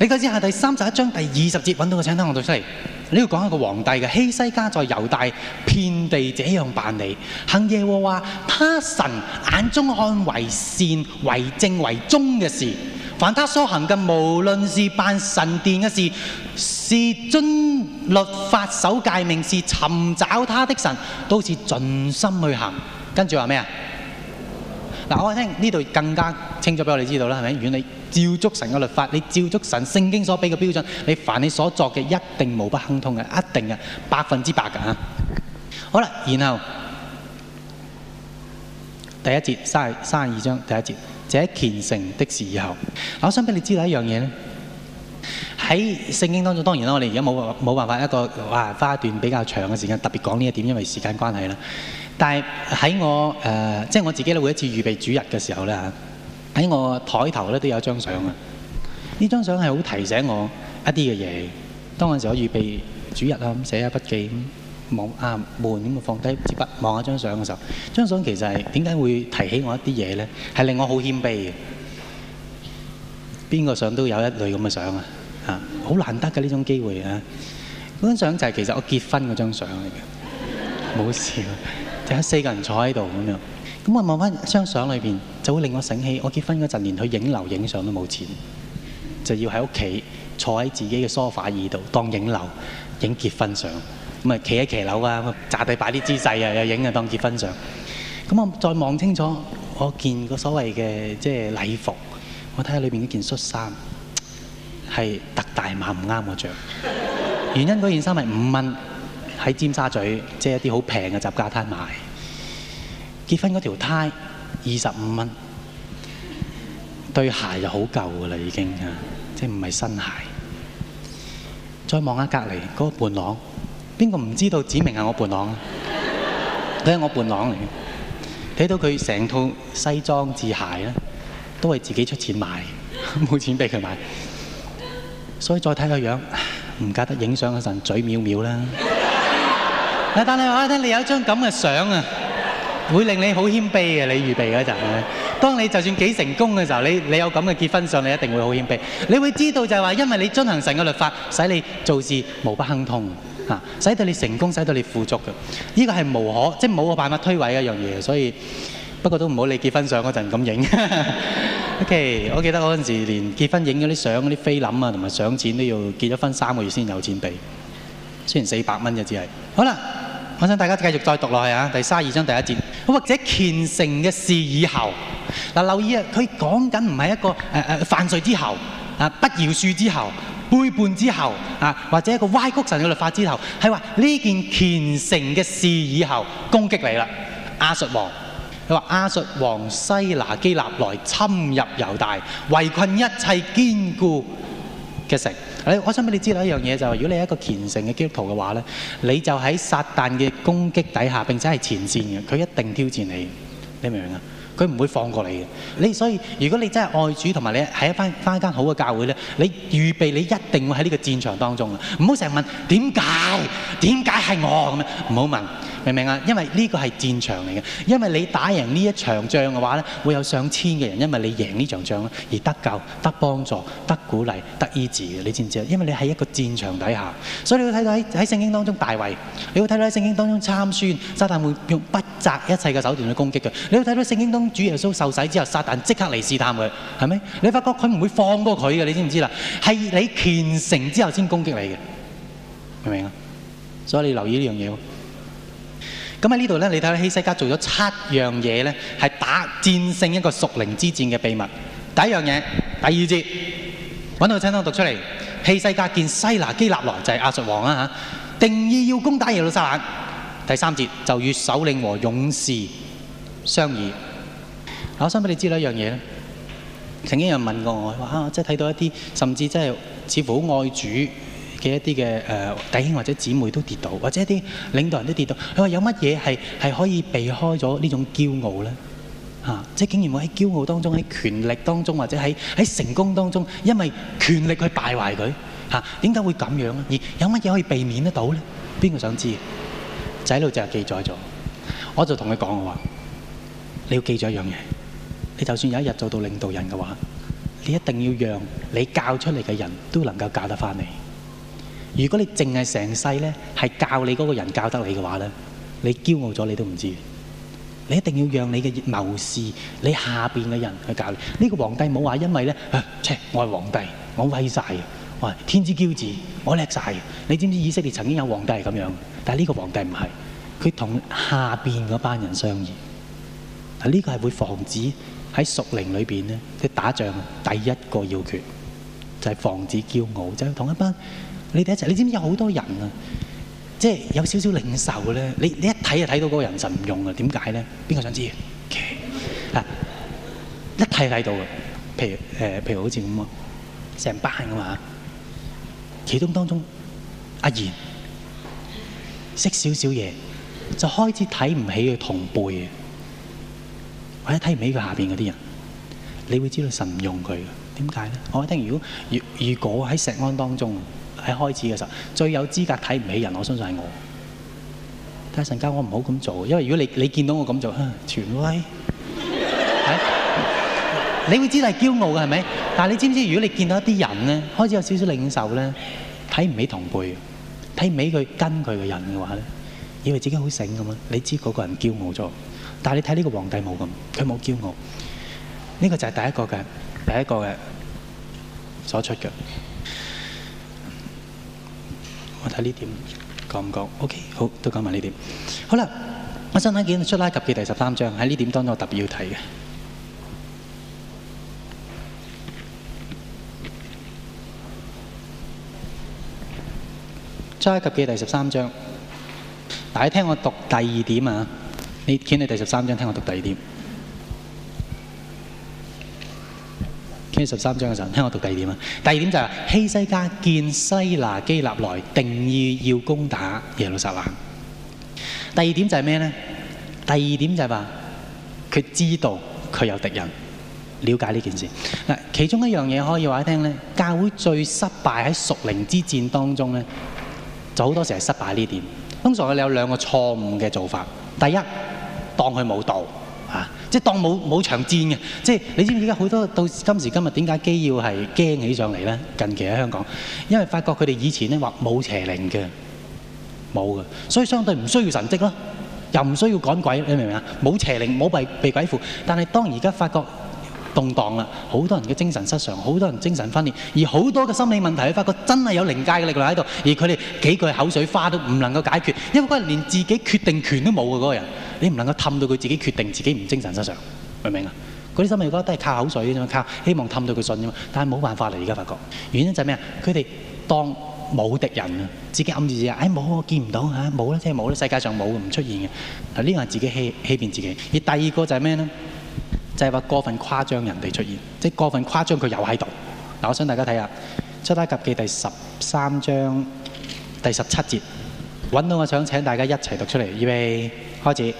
歷代志下第三十一章第二十節揾到個，請聽我讀出嚟，你要講一個皇帝嘅希西家在猶大遍地這樣辦理，行耶和華他神眼中看為善為正為忠嘅事，凡他所行嘅無論是辦神殿嘅事，是遵律法守誡命，是尋找他的神，都是盡心去行。跟住話咩啊？嗱、啊，我聽呢度更加清楚俾我哋知道啦，係咪？如果你照足神嘅律法，你照足神聖經所俾嘅標準，你凡你所作嘅一定無不亨通嘅，一定嘅，百分之百嘅 好啦，然後第一節三十二章第一節，這虔誠的時候、啊，我想俾你知道一樣嘢咧。喺聖經當中，當然啦，我哋而家冇冇辦法一個啊花一段比較長嘅時間特別講呢一點，因為時間關係啦。但係喺我誒，即、呃、係、就是、我自己咧，每一次預備主日嘅時候咧，喺我台頭咧都有一張相啊。呢張相係好提醒我一啲嘅嘢。當陣時我預備主日寫一筆記啊，咁寫下筆記咁望啊悶咁放低支筆望下張相嘅時候，張相其實係點解會提起我一啲嘢咧？係令我好謙卑嘅。邊個相都有一類咁嘅相啊！嚇，好難得嘅呢種機會啊！嗰張相就係其實我結婚嗰張相嚟嘅，冇事啊，就係四個人坐喺度咁樣。咁我望翻張相裏邊，就會令我醒起，我結婚嗰陣連佢影樓影相都冇錢，就要喺屋企坐喺自己嘅梳化椅度當影樓影結婚相。咁啊，企喺騎樓啊，炸低擺啲姿勢啊，又影啊當結婚相。咁我再望清楚，我見過所謂嘅即係禮服。.我睇下裏面嗰件恤衫，係特大碼唔啱我著。原因嗰件衫係五蚊，喺尖沙咀即係一啲好平嘅雜貨攤買。結婚嗰條呔，二十五蚊，對鞋就好舊㗎啦，已經啊，即唔係新鞋。再望下隔離嗰個伴郎，邊個唔知道指明係我，我伴郎啊？都係我伴郎嚟嘅。睇到佢成套西裝至鞋。都係自己出錢買，冇錢俾佢買，所以再睇個樣，唔怪得影相嗰陣嘴藐藐啦。但係我睇你有一張咁嘅相啊，會令你好謙卑嘅。你預備嗰陣，當你就算幾成功嘅時候，你你有咁嘅結婚相，你一定會好謙卑。你會知道就係話，因為你遵行神嘅律法，使你做事無不亨通啊，使到你成功，使到你富足嘅。呢個係無可即係冇個辦法推諉嘅一樣嘢，所以不過都唔好你結婚相嗰陣咁影。O.K. 我記得嗰陣時，連結婚影嗰啲相、嗰啲菲林啊，同埋相錢都要結咗婚三個月先有錢俾，雖然四百蚊嘅只係。好啦，我想大家繼續再讀落去啊。第三二章第一節，或者虔誠嘅事以後，嗱留意啊，佢講緊唔係一個誒誒犯罪之後啊、不饒恕之後、背叛之後啊，或者一個歪曲神嘅律法之後，係話呢件虔誠嘅事以後攻擊你啦，亞述王。你話亞述、王西拿基立來侵入猶大，圍困一切堅固嘅城。我想俾你知道一樣嘢就係、是，如果你係一個虔誠嘅基督徒嘅話，你就喺撒旦嘅攻擊底下，並且係前線嘅，佢一定挑戰你。你明唔明啊？佢唔會放過你嘅。你所以，如果你真係愛主同埋你喺返一間好嘅教會，你預備你一定會喺呢個戰場當中。不唔好成日問點解？點解係我咁樣？唔好問。明唔明啊？因為呢個係戰場嚟嘅，因為你打贏呢一場仗嘅話咧，會有上千嘅人因為你贏呢場仗咧而得救、得幫助、得鼓勵、得醫治嘅，你知唔知啊？因為你喺一個戰場底下，所以你會睇到喺喺聖經當中大衛，你會睇到喺聖經當中參孫，撒旦會用不擇一切嘅手段去攻擊佢。你會睇到聖經當主耶穌受洗之後，撒旦即刻嚟試探佢，係咪？你發覺佢唔會放過佢嘅，你知唔知啦？係你虔誠之後先攻擊你嘅，明唔明啊？所以你留意呢樣嘢。咁喺呢度咧，你睇下，希西家做咗七樣嘢咧，係打戰勝一個屬靈之戰嘅秘密。第一樣嘢，第二節，揾到，請等我讀出嚟。希西家見西拿基立來，就係亞述王啊。嚇，定意要攻打耶路撒冷。第三節，就與首領和勇士商議。我想俾你知多一樣嘢咧。曾經有人問過我，話，嚇，即係睇到一啲，甚至即係似乎好愛主。嘅一啲嘅誒弟兄或者姊妹都跌倒，或者一啲領導人都跌倒。佢話有乜嘢係係可以避開咗呢種驕傲咧？嚇，即係竟然會喺驕傲當中，喺權力當中，或者喺喺成功當中，因為權力去敗壞佢嚇，點解會咁樣咧？而有乜嘢可以避免得到咧？邊個想知？仔女就係記載咗，我就同佢講：我話你要記住一樣嘢，你就算有一日做到領導人嘅話，你一定要讓你教出嚟嘅人都能夠教得翻你。如果你淨係成世咧，係教你嗰個人教得你嘅話咧，你驕傲咗，你都唔知。你一定要讓你嘅謀士、你下邊嘅人去教你。呢個皇帝冇話，因為咧、啊，我係皇帝，我威晒，嘅，我天之驕子，我叻晒。你知唔知以色列曾經有皇帝係咁樣？但係呢個皇帝唔係，佢同下邊嗰班人商議。嗱，呢個係會防止喺屬靈裏邊呢，啲打仗第一個要訣，就係防止驕傲，就係同一班。你哋一齊，你知唔知有好多人啊？即係有少少領受咧。你你一睇就睇到嗰個人神唔用啊？點解咧？邊個想知啊？Okay. 一睇睇到嘅，譬如、呃、譬如好似咁啊，成班㗎嘛。其中當中阿賢識少少嘢，就開始睇唔起佢同輩嘅，或者睇唔起佢下面嗰啲人。你會知道神唔用佢，點解咧？我一聽如果如如果喺石安當中。喺開始嘅時候，最有資格睇唔起人，我相信係我。但係陣間我唔好咁做，因為如果你你見到我咁做，全 啊權威，你會知道係驕傲嘅，係咪？但係你知唔知，如果你見到一啲人咧，開始有少少領受咧，睇唔起同輩，睇唔起佢跟佢嘅人嘅話咧，以為自己好醒咁樣，你知嗰個人驕傲咗，但係你睇呢個皇帝冇咁，佢冇驕傲。呢個就係第一個嘅，第一個嘅所出嘅。我睇呢點講唔講？OK，好，都講埋呢點。好啦，我想睇見《出埃及記》第十三章，喺呢點當中我特別要睇嘅。出埃及記第十三章，大家聽我讀第二點啊！你睇你第十三章，聽我讀第二點。傾十三章嘅時候，聽我讀第二點啊。第二點就係、是、希西家見西拿基立來，定意要攻打耶路撒冷。第二點就係咩咧？第二點就係話佢知道佢有敵人，了解呢件事。嗱，其中一樣嘢可以話俾你聽咧，教會最失敗喺屬靈之戰當中咧，就好多時係失敗呢點。通常我哋有兩個錯誤嘅做法。第一，當佢冇道。即當沒當冇冇場戰嘅，即你知唔知而家好多到今時今日點解機要係驚起上嚟呢？近期喺香港，因為發覺佢哋以前說話冇邪靈嘅，冇嘅，所以相對唔需要神蹟啦，又唔需要趕鬼，你明唔明啊？冇邪靈，冇被被鬼附，但係當而家發覺。動盪啦，好多人嘅精神失常，好多人精神分裂，而好多嘅心理問題，題，發覺真係有靈界嘅力量喺度，而佢哋幾句口水花都唔能夠解決，因為嗰人連自己決定權都冇嘅嗰個人，你唔能夠氹到佢自己決定自己唔精神失常，明唔明啊？嗰啲心理專家都係靠口水呢張卡，希望氹到佢信啫嘛，但係冇辦法啦，而家發覺原因就係咩啊？佢哋當冇敵人啊，自己暗住自己，誒冇、哎，我見唔到嚇，冇、啊、啦，即係冇，世界上冇唔出現嘅，呢個係自己欺欺騙自己，而第二個就係咩呢？就係話過分誇張人哋出現，即係過分誇張佢又喺度。嗱，我想大家睇下《出埃及記》第十三章第十七節，揾到我想請大家一齊讀出嚟，預備開始。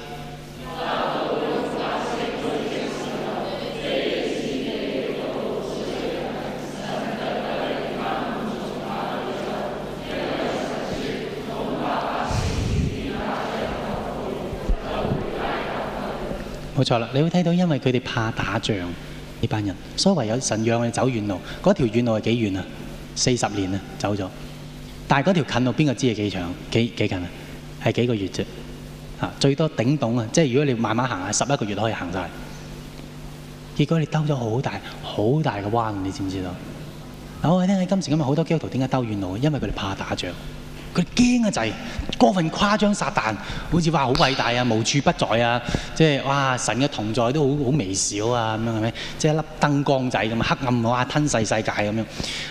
冇錯啦，你會睇到，因為佢哋怕打仗，呢班人，所以有神讓你走遠路。嗰條遠路係幾遠啊？四十年啊，走咗。但係嗰條近路邊個知係幾長？幾近啊？係幾個月啫。啊，最多頂棟啊！即如果你慢慢行，十一個月可以行曬。結果你兜咗好大好大嘅彎，你知唔知道？我哋聽喺今時今日好多基督徒點解兜遠路？因為佢哋怕打仗。佢驚啊！就係、是、過分誇張撒旦，好似話好偉大啊，無處不在啊，即、就、係、是、哇！神嘅同在都好好微小啊，咁樣係咪？即係、就是、一粒燈光仔咁黑暗啊，吞噬世界咁樣。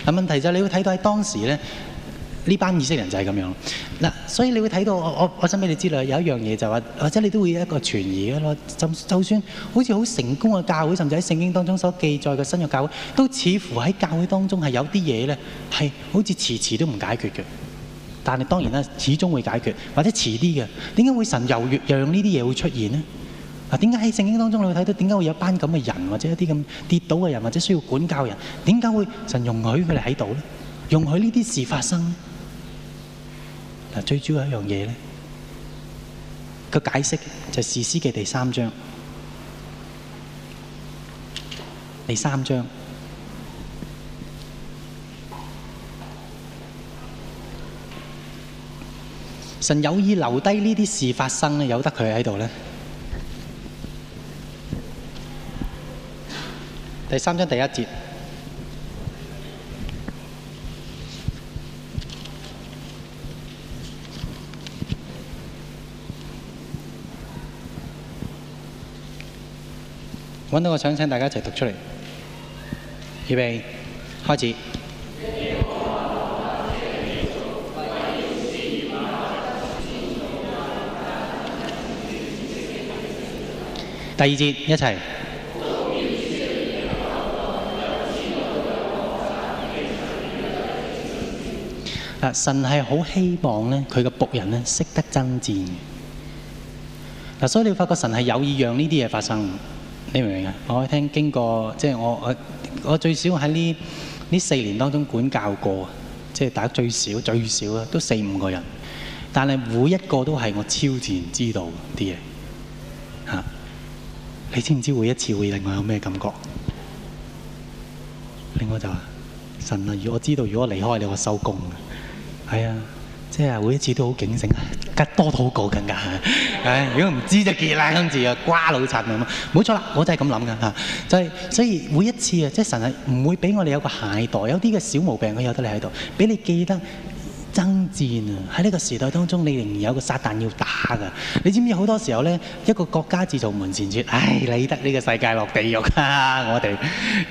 嗱，問題就係、是、你會睇到喺當時咧，呢班以色列人就係咁樣。嗱，所以你會睇到我我我想俾你知啦，有一樣嘢就話、是，或者你都會有一個存疑嘅咯。就就算好似好成功嘅教會，甚至喺聖經當中所記載嘅新約教會，都似乎喺教會當中係有啲嘢咧，係好似遲遲都唔解決嘅。但係當然啦，始終會解決，或者遲啲嘅。點解會神猶豫讓呢啲嘢會出現咧？嗱，點解喺聖經當中你會睇到點解會有一班咁嘅人，或者一啲咁跌倒嘅人，或者需要管教人，點解會神容許佢哋喺度咧？容許呢啲事發生？嗱，最主要一樣嘢咧，個解釋就係《士師記》第三章，第三章。神有意留低呢啲事發生咧，由得佢喺度咧。第三章第一節，搵到個相，請大家一齊讀出嚟。預備，開始。第二節，一齊。神係好希望他佢嘅僕人咧識得爭戰的，所以你會發覺神係有意讓呢啲嘢發生，你明唔明？我聽經過，即係我，我，我最少喺呢四年當中管教過，即係打最少最少都四五個人，但係每一個都係我超自然知道啲嘢。你知唔知每一次會令我有咩感覺？另外就話、是、神啊，如果我知道如果我離開你，我收工。啊。係啊，即係每一次都好警醒啊，梗多到好過緊㗎。誒，如果唔知就結啦，今次啊瓜老襯咁啊，冇錯啦，我真係咁諗㗎嚇，就係、是、所以每一次、就是、啊，即係神係唔會俾我哋有個懈怠，有啲嘅小毛病佢有得你喺度，俾你記得。爭戰啊！喺呢個時代當中，你仍然有個撒旦要打噶。你知唔知好多時候呢，一個國家自掃門前雪，唉，理得呢個世界落地獄啊！我哋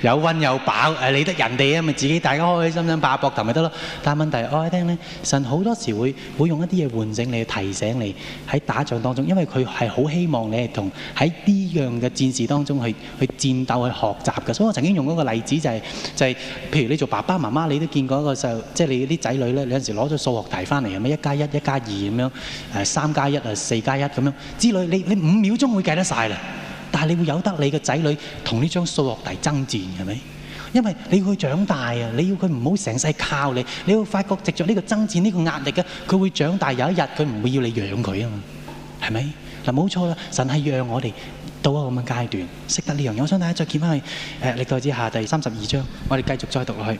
有溫有飽，理得人哋啊，咪自己大家開開心心，拍下膊頭咪得咯。但係問題我哋聽咧，神好多時會會用一啲嘢喚醒你，提醒你喺打仗當中，因為佢係好希望你係同喺呢樣嘅戰事當中去去戰鬥去學習嘅。所以我曾經用一個例子就係、是、就係、是，譬如你做爸爸媽媽，你都見過一個細路即係你啲仔女咧，你有陣時攞。數學題翻嚟，係咪一加一、一加二咁樣？誒，三加一啊，四加一咁樣之類。你你五秒鐘會計得晒啦。但係你會有得你個仔女同呢張數學題爭戰，係咪？因為你要佢長大啊，你要佢唔好成世靠你。你要發覺藉着呢個爭戰、呢、呢個壓力嘅，佢會長大有一日，佢唔會要你養佢啊嘛。係咪嗱？冇錯啦，神係讓我哋到一個咁嘅階段，識得呢樣嘢。我想大家再見翻去。誒，歷代志下第三十二章，我哋繼續再讀落去。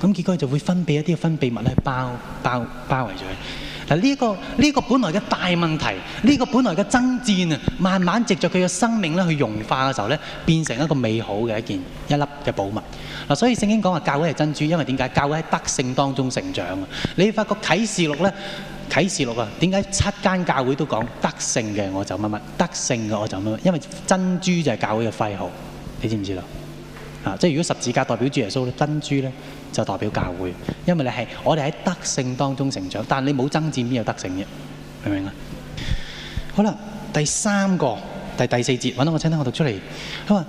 咁結果就會分泌一啲分泌物咧，去包包包圍咗。嗱，呢個呢個本來嘅大問題，呢個本來嘅爭戰啊，慢慢藉着佢嘅生命咧去融化嘅時候咧，變成一個美好嘅一件一粒嘅寶物嗱。所以聖經講話教會係珍珠，因為點解教會喺德性當中成長啊？你發覺啟示錄咧，啟示錄啊，點解七間教會都講德性嘅我就乜乜，德性嘅我就乜乜，因為珍珠就係教會嘅徽號，你知唔知道啊？即係如果十字架代表住耶穌咧，珍珠咧。就代表教會，因為你係我哋喺德性當中成長，但你你冇爭戰，邊有德性啫？明唔明啊？好啦，第三個，第第四節，搵到我請聽我讀出嚟。佢話，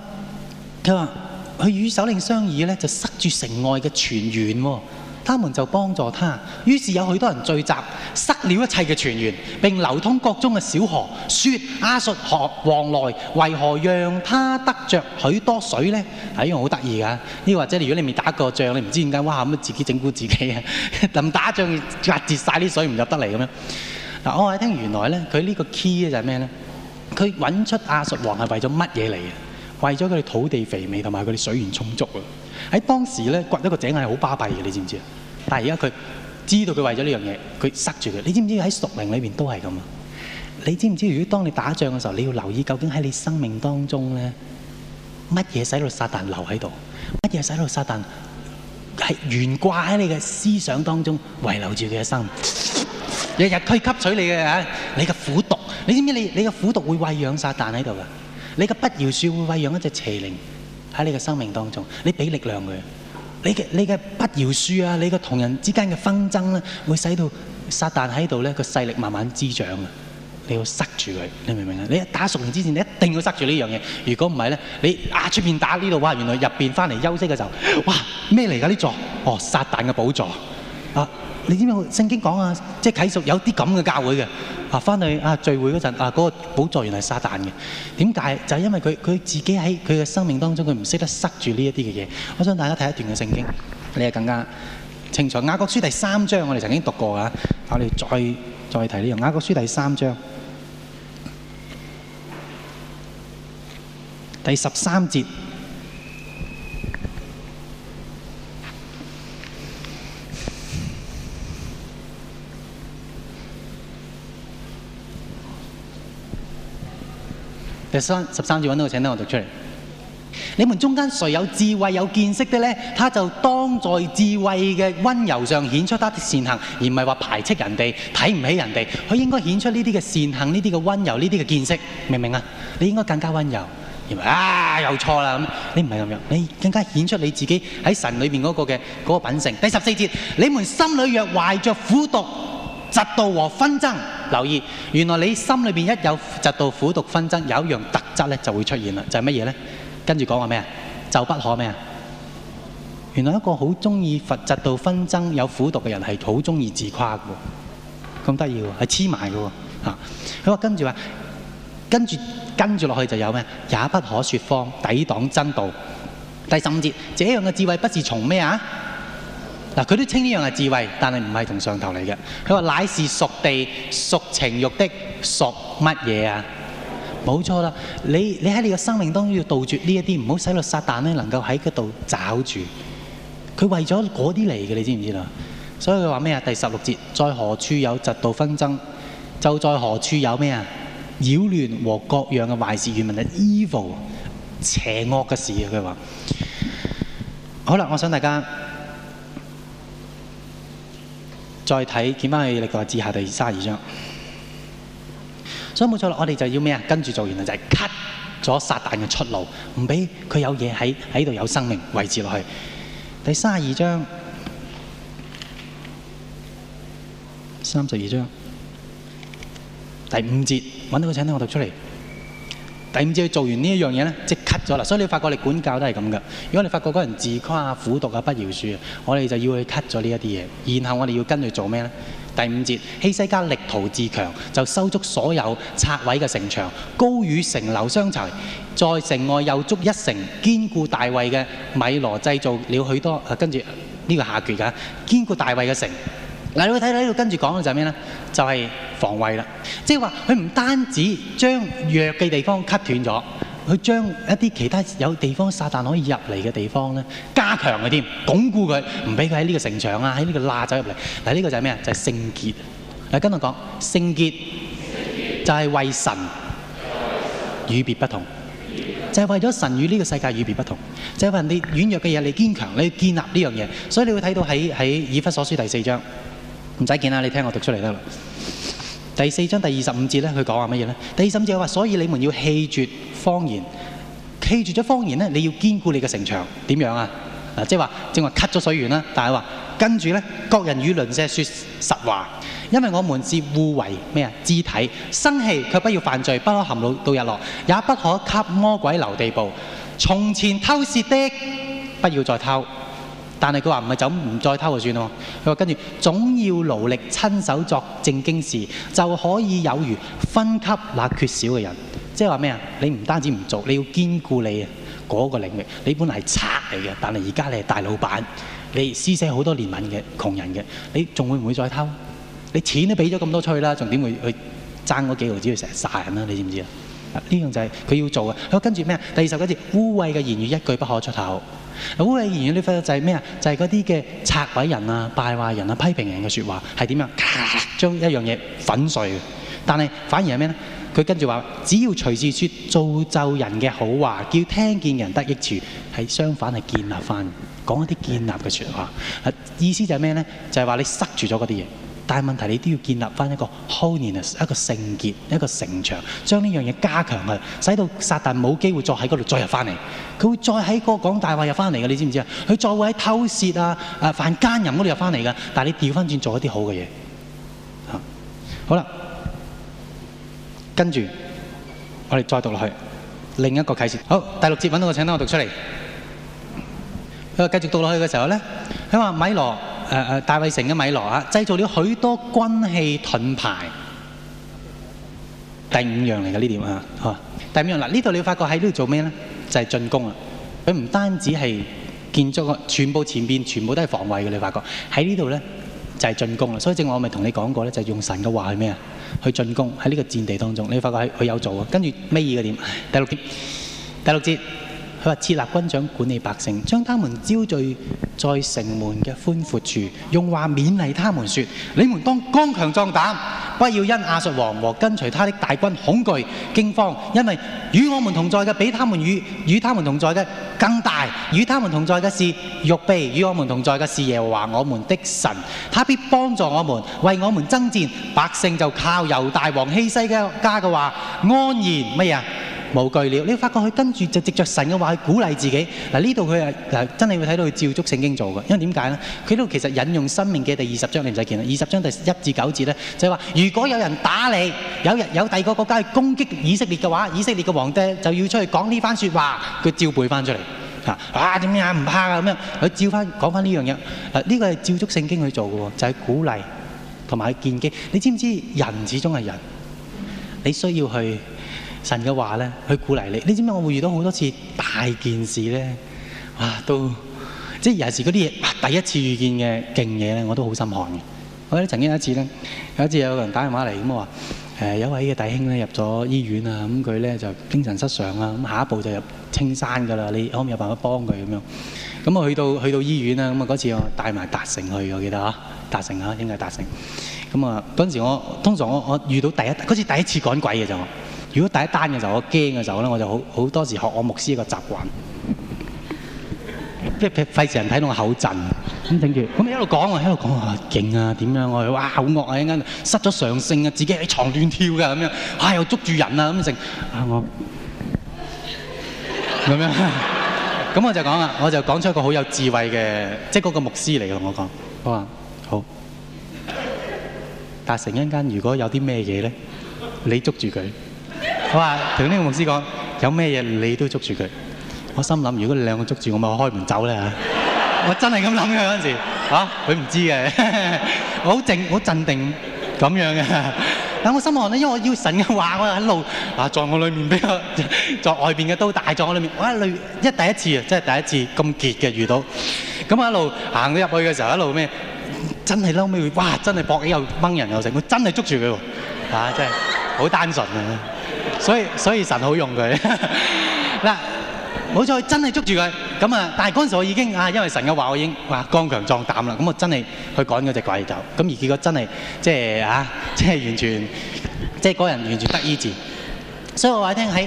佢話，佢與首領商議呢，就塞住城外嘅泉源喎、哦。他們就幫助他，於是有許多人聚集，塞了一切嘅泉源，並流通各種嘅小河。説阿術王來，為何讓他得着許多水呢？呢個好得意㗎！或者如果你未打過仗，你唔知點解哇咁樣自己整蠱自己啊，打仗要壓截晒啲水唔入得嚟咁樣、哦。我一聽原來呢，佢呢個 key 就係咩呢？佢揾出阿術王係為咗乜嘢嚟呀？為咗佢哋土地肥美同埋佢哋水源充足。喺當時呢掘一個井係好巴閉嘅，你知唔知？但係而家佢知道佢為咗呢樣嘢，佢塞住佢。你知唔知喺屬靈裏面都係咁啊？你知唔知？如果當你打仗嘅時候，你要留意究竟喺你生命當中呢，乜嘢使到撒但留喺度？乜嘢使到撒但係懸掛喺你嘅思想當中的，遺留住佢嘅生命？日日可吸取你嘅你嘅苦毒，你知唔知你？你嘅苦毒會餵養撒旦喺度嘅。你嘅不饒恕會餵養一隻邪靈。喺你嘅生命當中，你俾力量佢，你嘅你嘅不饒恕啊，你嘅同人之間嘅紛爭呢、啊，會使到撒旦喺度咧個勢力慢慢滋長啊！你要塞住佢，你明唔明啊？你打熟人之前，你一定要塞住呢樣嘢。如果唔係呢，你啊出邊打呢度哇，原來入邊返嚟休息嘅時候，哇咩嚟㗎呢座？哦，撒旦嘅寶座啊！你知唔知聖經講啊？即係啟示有啲咁嘅教會嘅，啊返去啊聚會嗰陣啊，嗰個寶座原來係撒旦嘅，點解？就係因為佢佢自己喺佢嘅生命當中，佢唔識得塞住呢一啲嘅嘢。我想大家睇一段嘅聖經，你係更加清楚。雅各書第三章我哋曾經讀過啊，我哋再再提呢樣。雅各書第三章第十三節。第三十三節搵到個，請等我讀出來。你們中間誰有智慧有見識的呢？他就當在智慧嘅溫柔上顯出他的善行，而唔係話排斥人哋，睇唔起人哋。佢應該顯出呢啲嘅善行，呢啲嘅溫柔，呢啲嘅見識，明唔明啊？你應該更加溫柔。而不是啊又錯喇。你唔係咁樣，你更加顯出你自己喺神裏面嗰個嘅嗰個品性。第十四節，你們心裏若懷着苦毒。嫉妒和紛爭，留意原來你心裏邊一有嫉妒、苦毒、紛爭，有一樣特質咧就會出現啦，就係乜嘢咧？跟住講話咩啊？就不可咩啊？原來一個好中意佛嫉妒、紛爭、有苦毒嘅人係好中意自誇嘅喎，咁得意喎，係黐埋嘅喎嚇。佢話跟住話，跟住跟住落去就有咩？也不可説謊，抵擋真道。第十五節，這樣嘅智慧不是從咩啊？嗱，佢都稱呢樣係智慧，但係唔係同上頭嚟嘅。佢話乃是屬地、屬情欲的，屬乜嘢啊？冇錯啦！你你喺你嘅生命當中要杜絕呢一啲，唔好使落撒旦咧，能夠喺嗰度找住。佢為咗嗰啲嚟嘅，你知唔知啦？所以佢話咩啊？第十六節，在何處有嫉妒紛爭？就在何處有咩啊？擾亂和各樣嘅壞事原文係，evil 邪惡嘅事啊！佢話：好啦，我想大家。再睇，見，翻去你個字下第三十二章，所以冇錯啦，我哋就要咩啊？跟住做完，原來就係 cut 咗撒旦嘅出路，唔俾佢有嘢喺這度有生命維持落去。第三十二章，三十二章第五節，揾到個請跟我讀出嚟。第五節，佢做完呢一樣嘢呢，即刻 cut 咗，所以你發覺你管教都係咁嘅。如果你發覺嗰人自誇啊、苦毒啊、不饒恕啊，我哋就要去 cut 咗呢一啲嘢。然後我哋要跟住做咩呢？第五節，希西家力圖自強，就修築所有拆毀嘅城牆，高與城樓相齊，在城外又築一城，堅固大衛嘅米羅製造了許多。啊、跟住呢、啊這個下決㗎、啊，堅固大衛嘅城。嗱，你會睇到呢度跟住講嘅就係咩咧？就係防衞啦，即係話佢唔單止將弱嘅地方 cut 斷咗，佢將一啲其他有地方撒旦可以入嚟嘅地方咧加強嘅添，鞏固佢，唔俾佢喺呢個城牆啊，喺呢個罅走入嚟。嗱，呢個就係咩啊？就係聖潔。嗱，跟我講，聖潔就係為神與別不同，就係為咗神與呢個世界與別不同，就係為人哋軟弱嘅嘢，你堅強，你要建立呢樣嘢。所以你會睇到喺喺以弗所書第四章。唔使見啦，你聽我讀出嚟得啦。第四章第二十五節咧，佢講話乜嘢咧？第二十五節話，所以你們要棄絕方言。棄絕咗方言呢，你要堅固你嘅城牆，點樣啊？啊，即係話正話 cut 咗水源啦。但係話跟住呢，各人與鄰舍說實話，因為我們是互為咩啊？肢體，生氣卻不要犯罪，不可含怒到日落，也不可給魔鬼留地步。從前偷竊的，不要再偷。但係佢話唔係就唔再偷就算喎。佢話跟住總要勞力親手作正經事，就可以有餘分給那缺少嘅人。即係話咩啊？你唔單止唔做，你要兼顧你嗰個領域。你本嚟係賊嚟嘅，但係而家你係大老闆，你施捨好多憐憫嘅窮人嘅，你仲會唔會再偷？你錢都俾咗咁多出去啦，仲點會去爭嗰幾毫紙去成日殺人啦、啊？你知唔知啊？呢樣就係佢要做嘅。佢話跟住咩啊？第二十九節，污穢嘅言語一句不可出口。好嘅言語，呢發就係咩啊？就係嗰啲嘅拆毀人啊、敗壞人啊、批評人嘅説話，係點樣咔？將一樣嘢粉碎的。但係反而係咩咧？佢跟住話，只要隨時説造就人嘅好話，叫聽見人得益處，係相反係建立翻，講一啲建立嘅説話。意思就係咩咧？就係、是、話你塞住咗嗰啲嘢。但係問題，你都要建立翻一個 holiness 一個聖潔，一個城牆，將呢樣嘢加強佢，使到撒旦冇機會再喺嗰度再入翻嚟。佢會再喺個講大話入翻嚟嘅，你知唔知啊？佢再會喺偷竊啊、誒、啊、犯奸淫嗰度入翻嚟噶。但係你調翻轉做一啲好嘅嘢。好啦，跟住我哋再讀落去另一個啟示。好，第六節揾到個請等我讀出嚟。誒，繼續讀落去嘅時候咧，佢話米羅。誒誒、呃，大衛城嘅米羅啊，製造了許多軍器盾牌。第五樣嚟嘅呢點啊，嚇！第五樣啦，呢度你會發覺喺呢度做咩咧？就係、是、進攻啊！佢唔單止係建築個，全部前邊全部都係防衞嘅。你發覺喺呢度咧就係、是、進攻啊！所以正我咪同你講過咧，就係、是、用神嘅話係咩啊？去進攻喺呢個戰地當中，你會發覺係佢有做啊！跟住尾二嘅點？第六點，第六節。佢話設立軍長管理百姓，將他們招聚在城門嘅寬闊處，用話勉勵他們説你們當剛強壯膽，不要因亞述王和跟隨他的大軍恐懼驚慌，因為與我們同在嘅比他們與，與他們同在嘅更大，與他們同在嘅是肉臂，與我們同在嘅是耶和華我們的神，他必幫助我們，為我們爭戰，百姓就靠猶大王希西家嘅話安然乜嘢？什麼冇懼了，你發覺佢跟住就藉著神嘅話去鼓勵自己。嗱，呢度佢係，嗱真係會睇到佢照足聖經做嘅，因為點解咧？佢呢度其實引用申命記嘅第二十章，你唔使見啦。二十章第一至九節咧，就係話如果有人打你，有人有第二個國家去攻擊以色列嘅話，以色列嘅皇帝就要出去講呢番説話。佢照背翻出嚟嚇啊！點樣唔怕啊？咁樣佢照翻講翻呢樣嘢。嗱，呢個係照足聖經去做嘅喎，就係鼓勵同埋去建基。你知唔知人始終係人？你需要去。神嘅話咧，去鼓勵你。你知唔知？我會遇到好多次大件事咧，啊，都即係有時嗰啲嘢第一次遇見嘅勁嘢咧，我都好心寒嘅。我咧曾經有一次咧，有一次有個人打電話嚟咁我話：誒、呃、有位嘅弟兄咧入咗醫院啊，咁佢咧就精神失常啦，咁、嗯、下一步就入青山噶啦。你可唔可以有辦法幫佢咁樣？咁、嗯、我去到去到醫院啦，咁啊嗰次我帶埋達成去，我記得嚇、啊、達成啊，應該係達成。咁、嗯、啊，嗰陣時我通常我我遇到第一嗰次第一次趕鬼嘅就。如果第一單嘅時候，我驚嘅時候呢我就好好多時學我牧師一個習慣，即係費事人睇到我口震。咁、嗯、你一路講、哦、啊，啊，啊，一路講啊，勁啊，點樣我？哇，好惡啊！一陣失咗常性啊，自己喺床亂跳嘅咁樣，嚇、啊、又捉住人啊咁剩。啊我咁樣，咁我就講啊，我，這樣 我就講出一個好有智慧嘅，即、就、嗰、是、個牧師嚟嘅同我講。我說好、啊、好，但陣間如果有啲咩嘢咧，你捉住佢。我話同呢個牧師講，有咩嘢你都捉住佢。我心諗，如果你兩個捉住我，咪我開唔走啦吓。我真係咁諗嘅嗰陣時，吓佢唔知嘅。我好靜，好鎮定咁樣嘅。但我心望咧，因為我要神嘅話，我喺路啊，在我裏面，比在外邊嘅刀大，在我裏面。哇，我一第一次啊，真係第一次咁結嘅遇到。咁我一路行入去嘅時候，一路咩？真係嬲尾，哇！真係搏起又掹人又成，我真係捉住佢喎。吓，真係好單純啊。所以所以神好用佢嗱，冇錯真係捉住佢咁啊！但係嗰陣時我已經啊，因為神嘅話我已經哇剛、啊、強壯膽啦，咁我真係去趕嗰隻鬼走。咁而結果真係即係啊，即係完全即係嗰人完全得醫治，所以我話聽喺。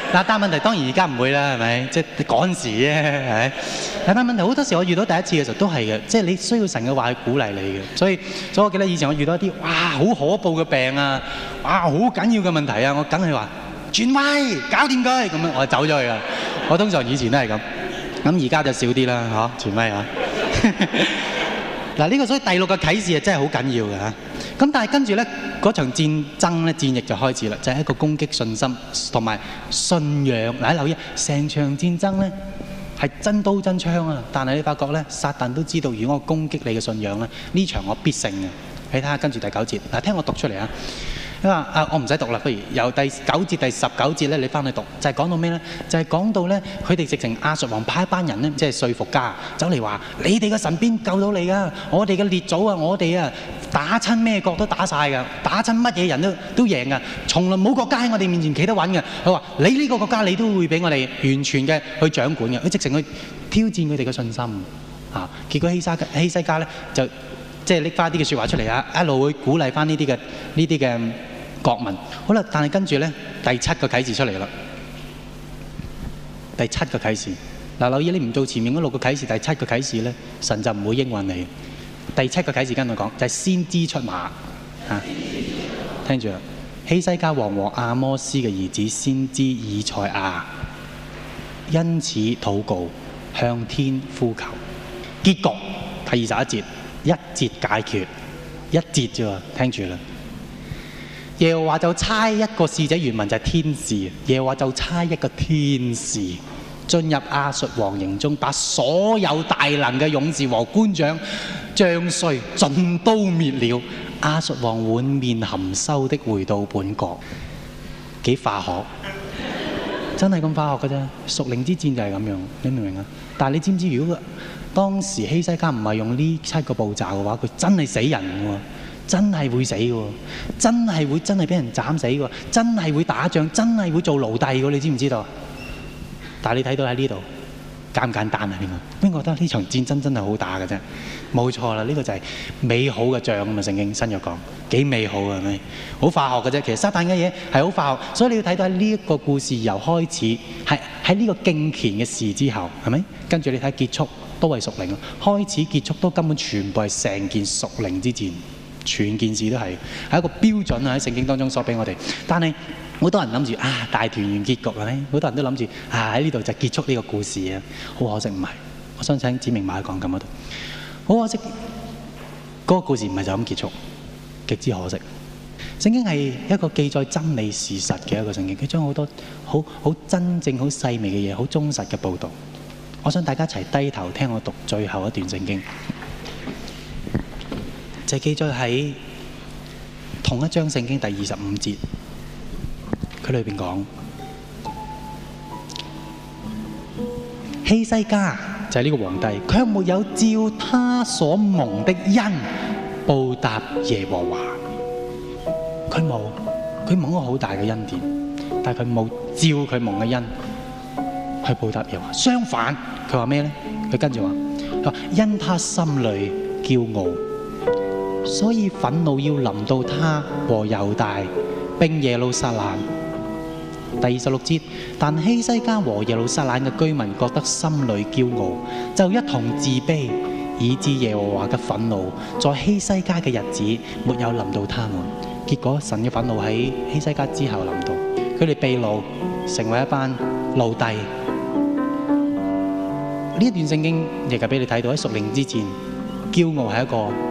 嗱，但問題當然而家唔會啦，係咪？即趕時啫，係。但問題好多時我遇到第一次嘅時候都係嘅，即、就是、你需要神嘅話去鼓勵你嘅。所以，所以我記得以前我遇到一啲哇好可怖嘅病啊，哇好緊要嘅問題啊，我梗係話轉咪搞掂佢咁樣，我就走咗去啦。我通常以前都係咁，咁而家就少啲啦，嚇轉咪嚇。 嗱，呢個所以第六個啟示啊，真係好緊要嘅嚇。咁但係跟住咧，嗰場戰爭咧戰役就開始啦，就係一個攻擊信心同埋信仰。嗱，留意成場戰爭咧係真刀真槍啊，但係你發覺咧，撒旦都知道如果我攻擊你嘅信仰咧，呢場我必勝嘅。你睇下跟住第九節，嗱，聽我讀出嚟啊。佢話啊、我唔使讀啦，不如由第九節第十九節你返去讀。就係、是、講到咩呢？就係、是、講到呢他佢哋直情亞述王派一班人呢，即係説服家走嚟話：你哋嘅神邊救到你㗎、啊？我哋嘅列祖啊，我哋啊，打親咩國都打晒㗎，打親乜嘢人都，都贏贏㗎，從來冇國家喺我哋面前企得穩嘅。佢話：你呢個國家你都會俾我哋完全嘅去掌管嘅。佢直情去挑戰佢哋嘅信心。結、啊、結果希沙、希西家呢，就即係拎翻啲嘅説話出嚟啊，一路會鼓勵這些啲嘅呢啲嘅。這些的國民好啦，但係跟住呢第七個啟示出嚟啦。第七個啟示，示，嗱，留意你唔做前面嗰六個啟示，第七個啟示呢，神就唔會應允你。第七個啟示跟我講，就係先知出馬啊，聽住啦。希西家王和阿摩斯嘅兒子先知以賽亞，因此禱告向天呼求。結局，第二十一節一節解決一節啫，聽住啦。耶和華就差一個使者，原文就係天使，耶和華就差一個天使進入亞述王營中，把所有大能的勇士和官長、將帥盡都滅了。亞述王滿面含羞的回到本國，幾化學，真係咁化學嘅啫。屬靈之戰就係咁樣，你明唔明啊？但係你知唔知如果當時希西家唔係用呢七個步驟嘅話，佢真係死人嘅。真係會死喎！真係會真係俾人斬死喎！真係會打仗，真係會做奴隸喎！你知唔知道？但係你睇到喺呢度簡唔簡單啊？邊個邊個覺得呢場戰爭真係好打嘅啫？冇錯啦，呢個就係美好嘅仗啊！聖經新約講幾美好啊？係咪好化學嘅啫？其實撒旦嘅嘢係好化學的，所以你要睇到喺呢一個故事由開始係喺呢個敬虔嘅事之後係咪跟住你睇結束都係屬靈啊！開始結束都根本全部係成件屬靈之戰。全件事都係，係一個標準喺聖經當中所俾我哋，但係好多人諗住啊大團圓結局啊，好多人都諗住啊喺呢度就結束呢個故事啊，好可惜唔係。我想請子明馬去講咁嗰度，好可惜，嗰個故事唔係就咁結束，極之可惜。聖經係一個記載真理事實嘅一個聖經，佢將好多好好真正好細微嘅嘢，好忠實嘅報導。我想大家一齊低頭聽我讀最後一段聖經。就記載喺同一章聖經第二十五節，佢裏邊講希西家就係、是、呢個皇帝，佢有冇有照他所蒙的恩報答耶和華。佢冇，佢蒙咗好大嘅恩典，但係佢冇照佢蒙嘅恩去報答耶和華。相反，佢話咩咧？佢跟住話：佢話因他心裏驕傲。所以憤怒要臨到他和猶大，並耶路撒冷。第二十六節，但希西家和耶路撒冷嘅居民覺得心裏驕傲，就一同自卑，以至耶和華嘅憤怒在希西家嘅日子沒有臨到他們。結果神嘅憤怒喺希西家之後臨到，佢哋被擄成為一班奴隸。呢一段聖經亦係俾你睇到喺屬靈之前，驕傲係一個。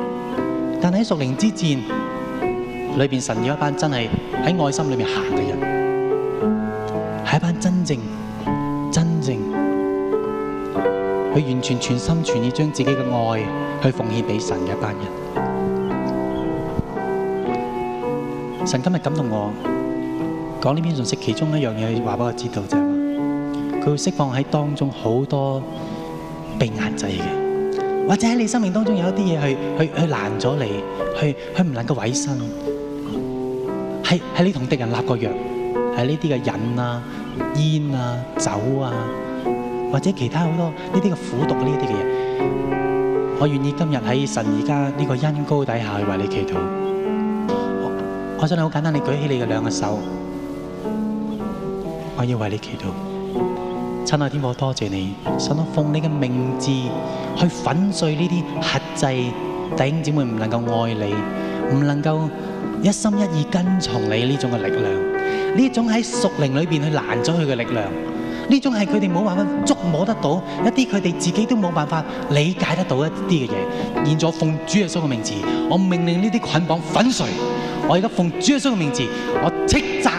但喺屬靈之戰裏面，神要一班真係喺愛心裏面行嘅人，係一班真正真正，佢完全全心全意將自己嘅愛去奉獻俾神嘅一班人。神今日感動我噉，講呢篇信息其中一樣嘢，就是，話俾我知道就係。佢會釋放喺當中好多被壓制嘅。或者喺你生命當中有一啲嘢去去去攔咗你，去去唔能夠毀身，係係你同敵人立個約，係呢啲嘅癮啊、煙啊、酒啊，或者其他好多呢啲嘅苦毒呢啲嘅嘢，我願意今日喺神而家呢個恩膏底下去為你祈禱。我，我想你好簡單，你舉起你嘅兩個手，我要為你祈禱。親愛天父，多謝你，神，我奉你嘅名字。去粉碎呢啲核制弟兄姊妹唔能夠愛你，唔能夠一心一意跟從你呢種嘅力量，呢種喺屬靈裏邊去攔咗佢嘅力量，呢種係佢哋冇辦法捉摸得到，一啲佢哋自己都冇辦法理解得到一啲嘅嘢，現在奉主耶穌嘅名字，我命令呢啲捆綁粉碎。我而家奉主耶穌嘅名字，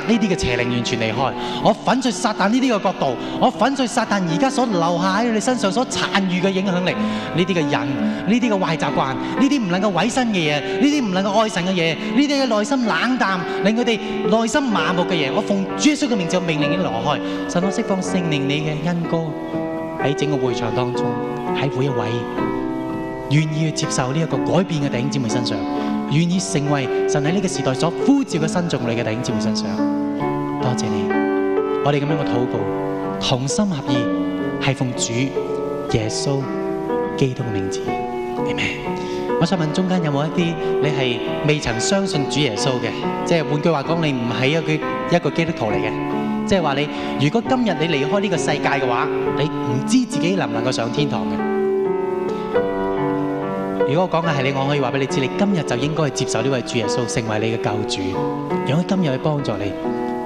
呢啲嘅邪靈完全離開，我粉碎撒旦呢啲嘅角度，我粉碎撒旦而家所留下喺你身上所殘餘嘅影響力，呢啲嘅人，呢啲嘅壞習慣，呢啲唔能夠毀身嘅嘢，呢啲唔能夠愛神嘅嘢，呢啲嘅內心冷淡令佢哋內心麻木嘅嘢，我奉耶穌嘅名就命令已你挪開，神我釋放聖靈你嘅恩膏喺整個會場當中，喺每一位願意去接受呢一個改變嘅弟兄姊妹身上，願意成為神喺呢個時代所呼召嘅新族類嘅弟兄姊妹身上。多謝，謝你，我哋咁樣嘅禱告，同心合意，係奉主耶穌基督嘅名字，阿們。我想問中間有冇一啲你係未曾相信主耶穌嘅，即係換句話講，你唔係一個一個基督徒嚟嘅，即係話你如果今日你離開呢個世界嘅話，你唔知道自己能唔能夠上天堂嘅。如果我講嘅係你，我可以話俾你知，你今日就應該去接受呢位主耶穌，成為你嘅救主，讓佢今日去幫助你。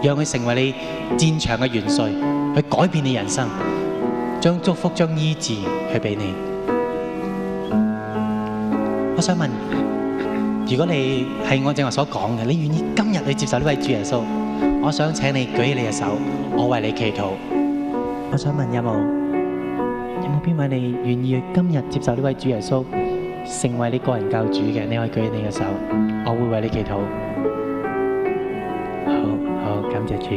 讓佢成為你戰場嘅元帥，去改變你人生，將祝福、將醫治去俾你。我想問：如果你係我正話所講嘅，你願意今日去接受呢位主耶穌？我想請你舉起你嘅手，我為你祈禱。我想問有冇？有冇邊位你願意今日接受呢位主耶穌，成為你個人救主嘅？你可以舉起你嘅手，我會為你祈禱。感謝主，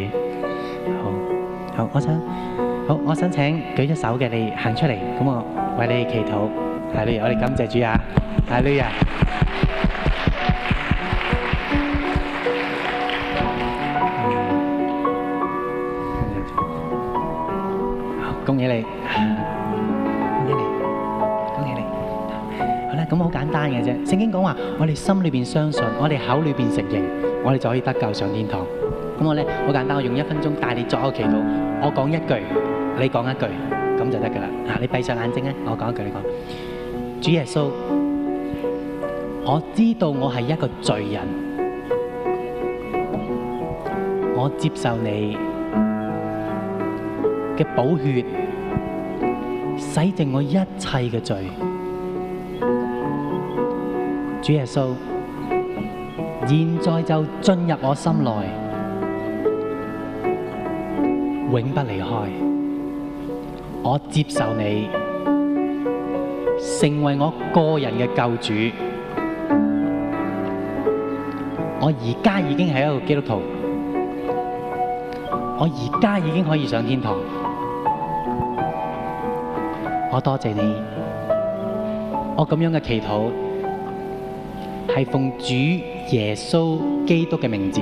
好好，我想好，我想請舉咗手嘅你行出嚟，咁我為你祈禱，阿利亞，我哋感謝主啊，阿利亞，恭喜你，恭喜你，恭喜你，好啦，咁好簡單嘅啫，聖經講話，我哋心裏邊相信，我哋口裏邊承認，我哋就可以得救上天堂。咁我咧好簡單，我用一分鐘帶你作一個祈禱。我講一句，你講一句，咁就得㗎啦。嗱，你閉上眼睛咧，我講一句，你講。主耶穌，我知道我係一個罪人，我接受你嘅寶血，洗淨我一切嘅罪。主耶穌，現在就進入我心內。永不離開，我接受你成為我個人嘅救主。我而家已經係一個基督徒，我而家已經可以上天堂。我多謝你，我咁樣嘅祈禱係奉主耶穌基督嘅名字。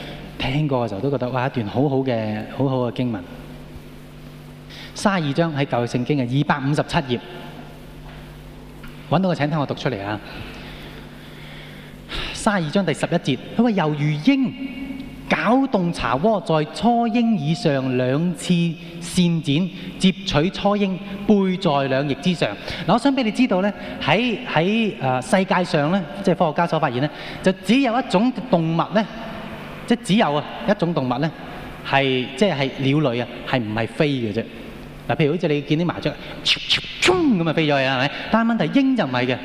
聽過嘅時候都覺得哇一段很好的很好嘅好好嘅經文，三十二章喺舊嘅聖經啊，二百五十七頁揾到嘅請聽我讀出嚟啊！三十二章第十一節，佢話猶如鷹攪動茶窩，在初鷹以上兩次扇展，接取初鷹背在兩翼之上。嗱，我想俾你知道咧，喺喺誒世界上咧，即係科學家所發現咧，就只有一種動物咧。即只有啊一種動物咧，係即係鳥類啊，係唔係飛嘅啫？嗱，譬如好似你見啲麻雀，咁啊飛咗去，係咪？但係問題鷹就唔係嘅，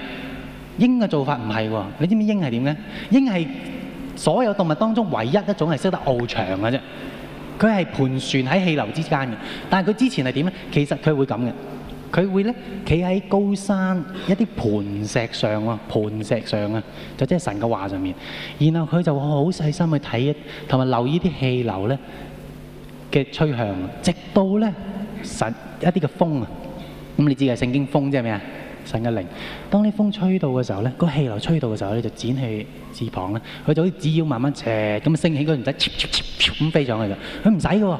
鷹嘅做法唔係喎。你知唔知鷹係點咧？鷹係所有動物當中唯一一種係識得翱翔嘅啫。佢係盤旋喺氣流之間嘅，但係佢之前係點咧？其實佢會咁嘅。佢會咧企喺高山一啲盤石上啊，盤石上啊，就即係神嘅話上面。然後佢就會好細心去睇，同埋留意啲氣流咧嘅吹向，直到咧神一啲嘅風啊。咁你知係聖經風啫係咩啊？神嘅靈。當啲風吹到嘅時候咧，個氣流吹到嘅時候咧，就展起翅膀咧，佢就好似紙鷂慢慢斜咁升起嗰件仔，咁飛上去嘅。佢唔使嘅，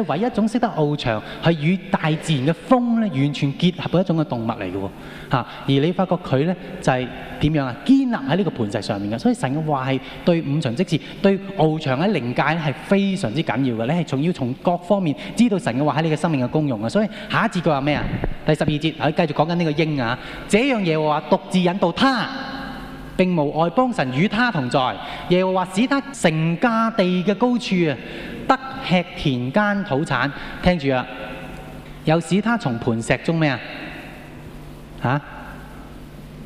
佢係唯一一種識得翱翔，係與大自然嘅風咧完全結合嘅一種嘅動物嚟嘅。吓、啊，而你發覺佢咧就係、是、點樣啊？堅立喺呢個磐石上面嘅。所以神嘅話係對五常即係，對翱翔喺靈界咧係非常之緊要嘅。你係仲要從各方面知道神嘅話喺你嘅生命嘅功用嘅。所以下一節佢話咩啊？第十二節，佢繼續講緊呢個鷹啊。呢樣嘢我話獨自引導他。並無外邦神與他同在，耶和華使他成家地嘅高處啊，得吃田間土產。聽住啦，又使他從磐石中咩啊？吓？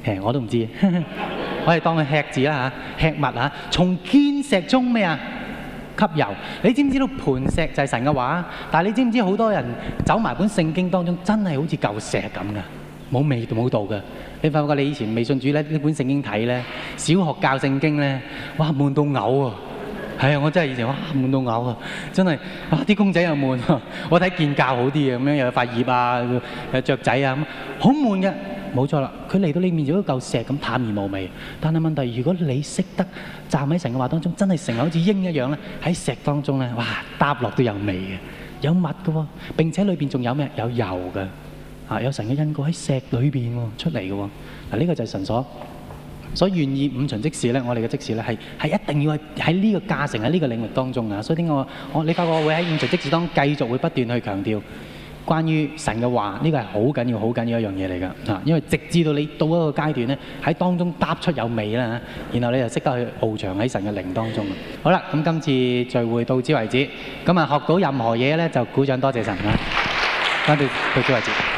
誒，我都唔知， 我哋當佢吃字啦、啊，吃物啦、啊。從堅石中咩啊？吸油。你知唔知道磐石就係神嘅話？但係你知唔知好多人走埋本聖經當中，真係好似舊石咁噶，冇味道、冇道嘅。你發覺你以前未信主咧呢本聖經睇咧，小學教聖經咧，哇悶到嘔啊！係啊，我真係以前哇悶到嘔啊！真係哇啲公仔又悶，我睇見教好啲嘅，咁樣又有塊葉啊，有雀仔啊，咁好悶嘅。冇錯啦，佢嚟到你面前都嚿石咁淡而無味。但係問題，如果你識得站喺神嘅話當中，真係神好似鷹一樣咧，喺石當中咧，哇揼落都有味嘅，有蜜嘅喎，並且裏邊仲有咩？有油嘅。啊！有神嘅恩膏喺石裏邊喎，出嚟嘅喎。嗱，呢個就係神所所願意五旬即時咧。我哋嘅即時咧係係一定要喺喺呢個價成喺呢個領域當中啊。所以點解啊？我你發覺我會喺五旬即時當繼續會不斷去強調關於神嘅話，呢個係好緊要、好緊要一樣嘢嚟㗎。啊，因為直至到你到一個階段咧，喺當中踏出有味啦嚇，然後你就識得去翱翔喺神嘅靈當中。好啦，咁今次聚會到此為止。咁啊，學到任何嘢咧，就鼓掌多謝神啦。翻到到此為止。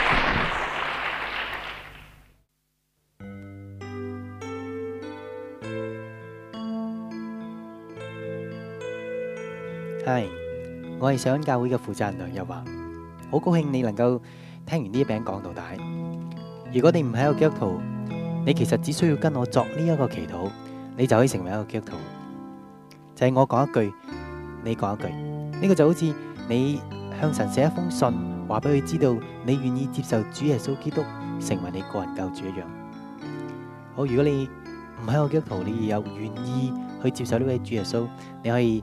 我係上恩教會嘅負責人梁日華，好高興你能夠聽完呢一篇講到大。如果你唔係一個基督徒，你其實只需要跟我作呢一個祈禱，你就可以成為一個基督徒。就係我講一句，你講一句，呢個就好似你向神寫一封信，話俾佢知道你願意接受主耶穌基督成為你個人救主一樣。好，如果你唔係一個基督徒，你又有願意去接受呢位主耶穌，你可以。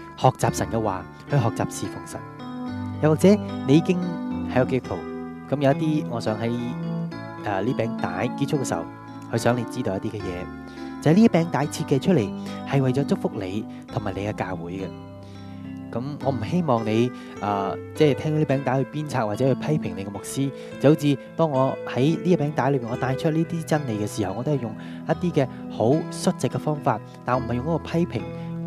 學習神嘅話，去學習侍奉神。又或者你已經喺個教會，咁有一啲，我想喺誒呢餅帶結束嘅時候，去想你知道一啲嘅嘢，就係呢餅帶設計出嚟係為咗祝福你同埋你嘅教會嘅。咁我唔希望你誒即係聽到呢餅帶去鞭策或者去批評你嘅牧師，就好似當我喺呢餅帶裏面我帶出呢啲真理嘅時候，我都係用一啲嘅好率直嘅方法，但係我唔係用嗰個批評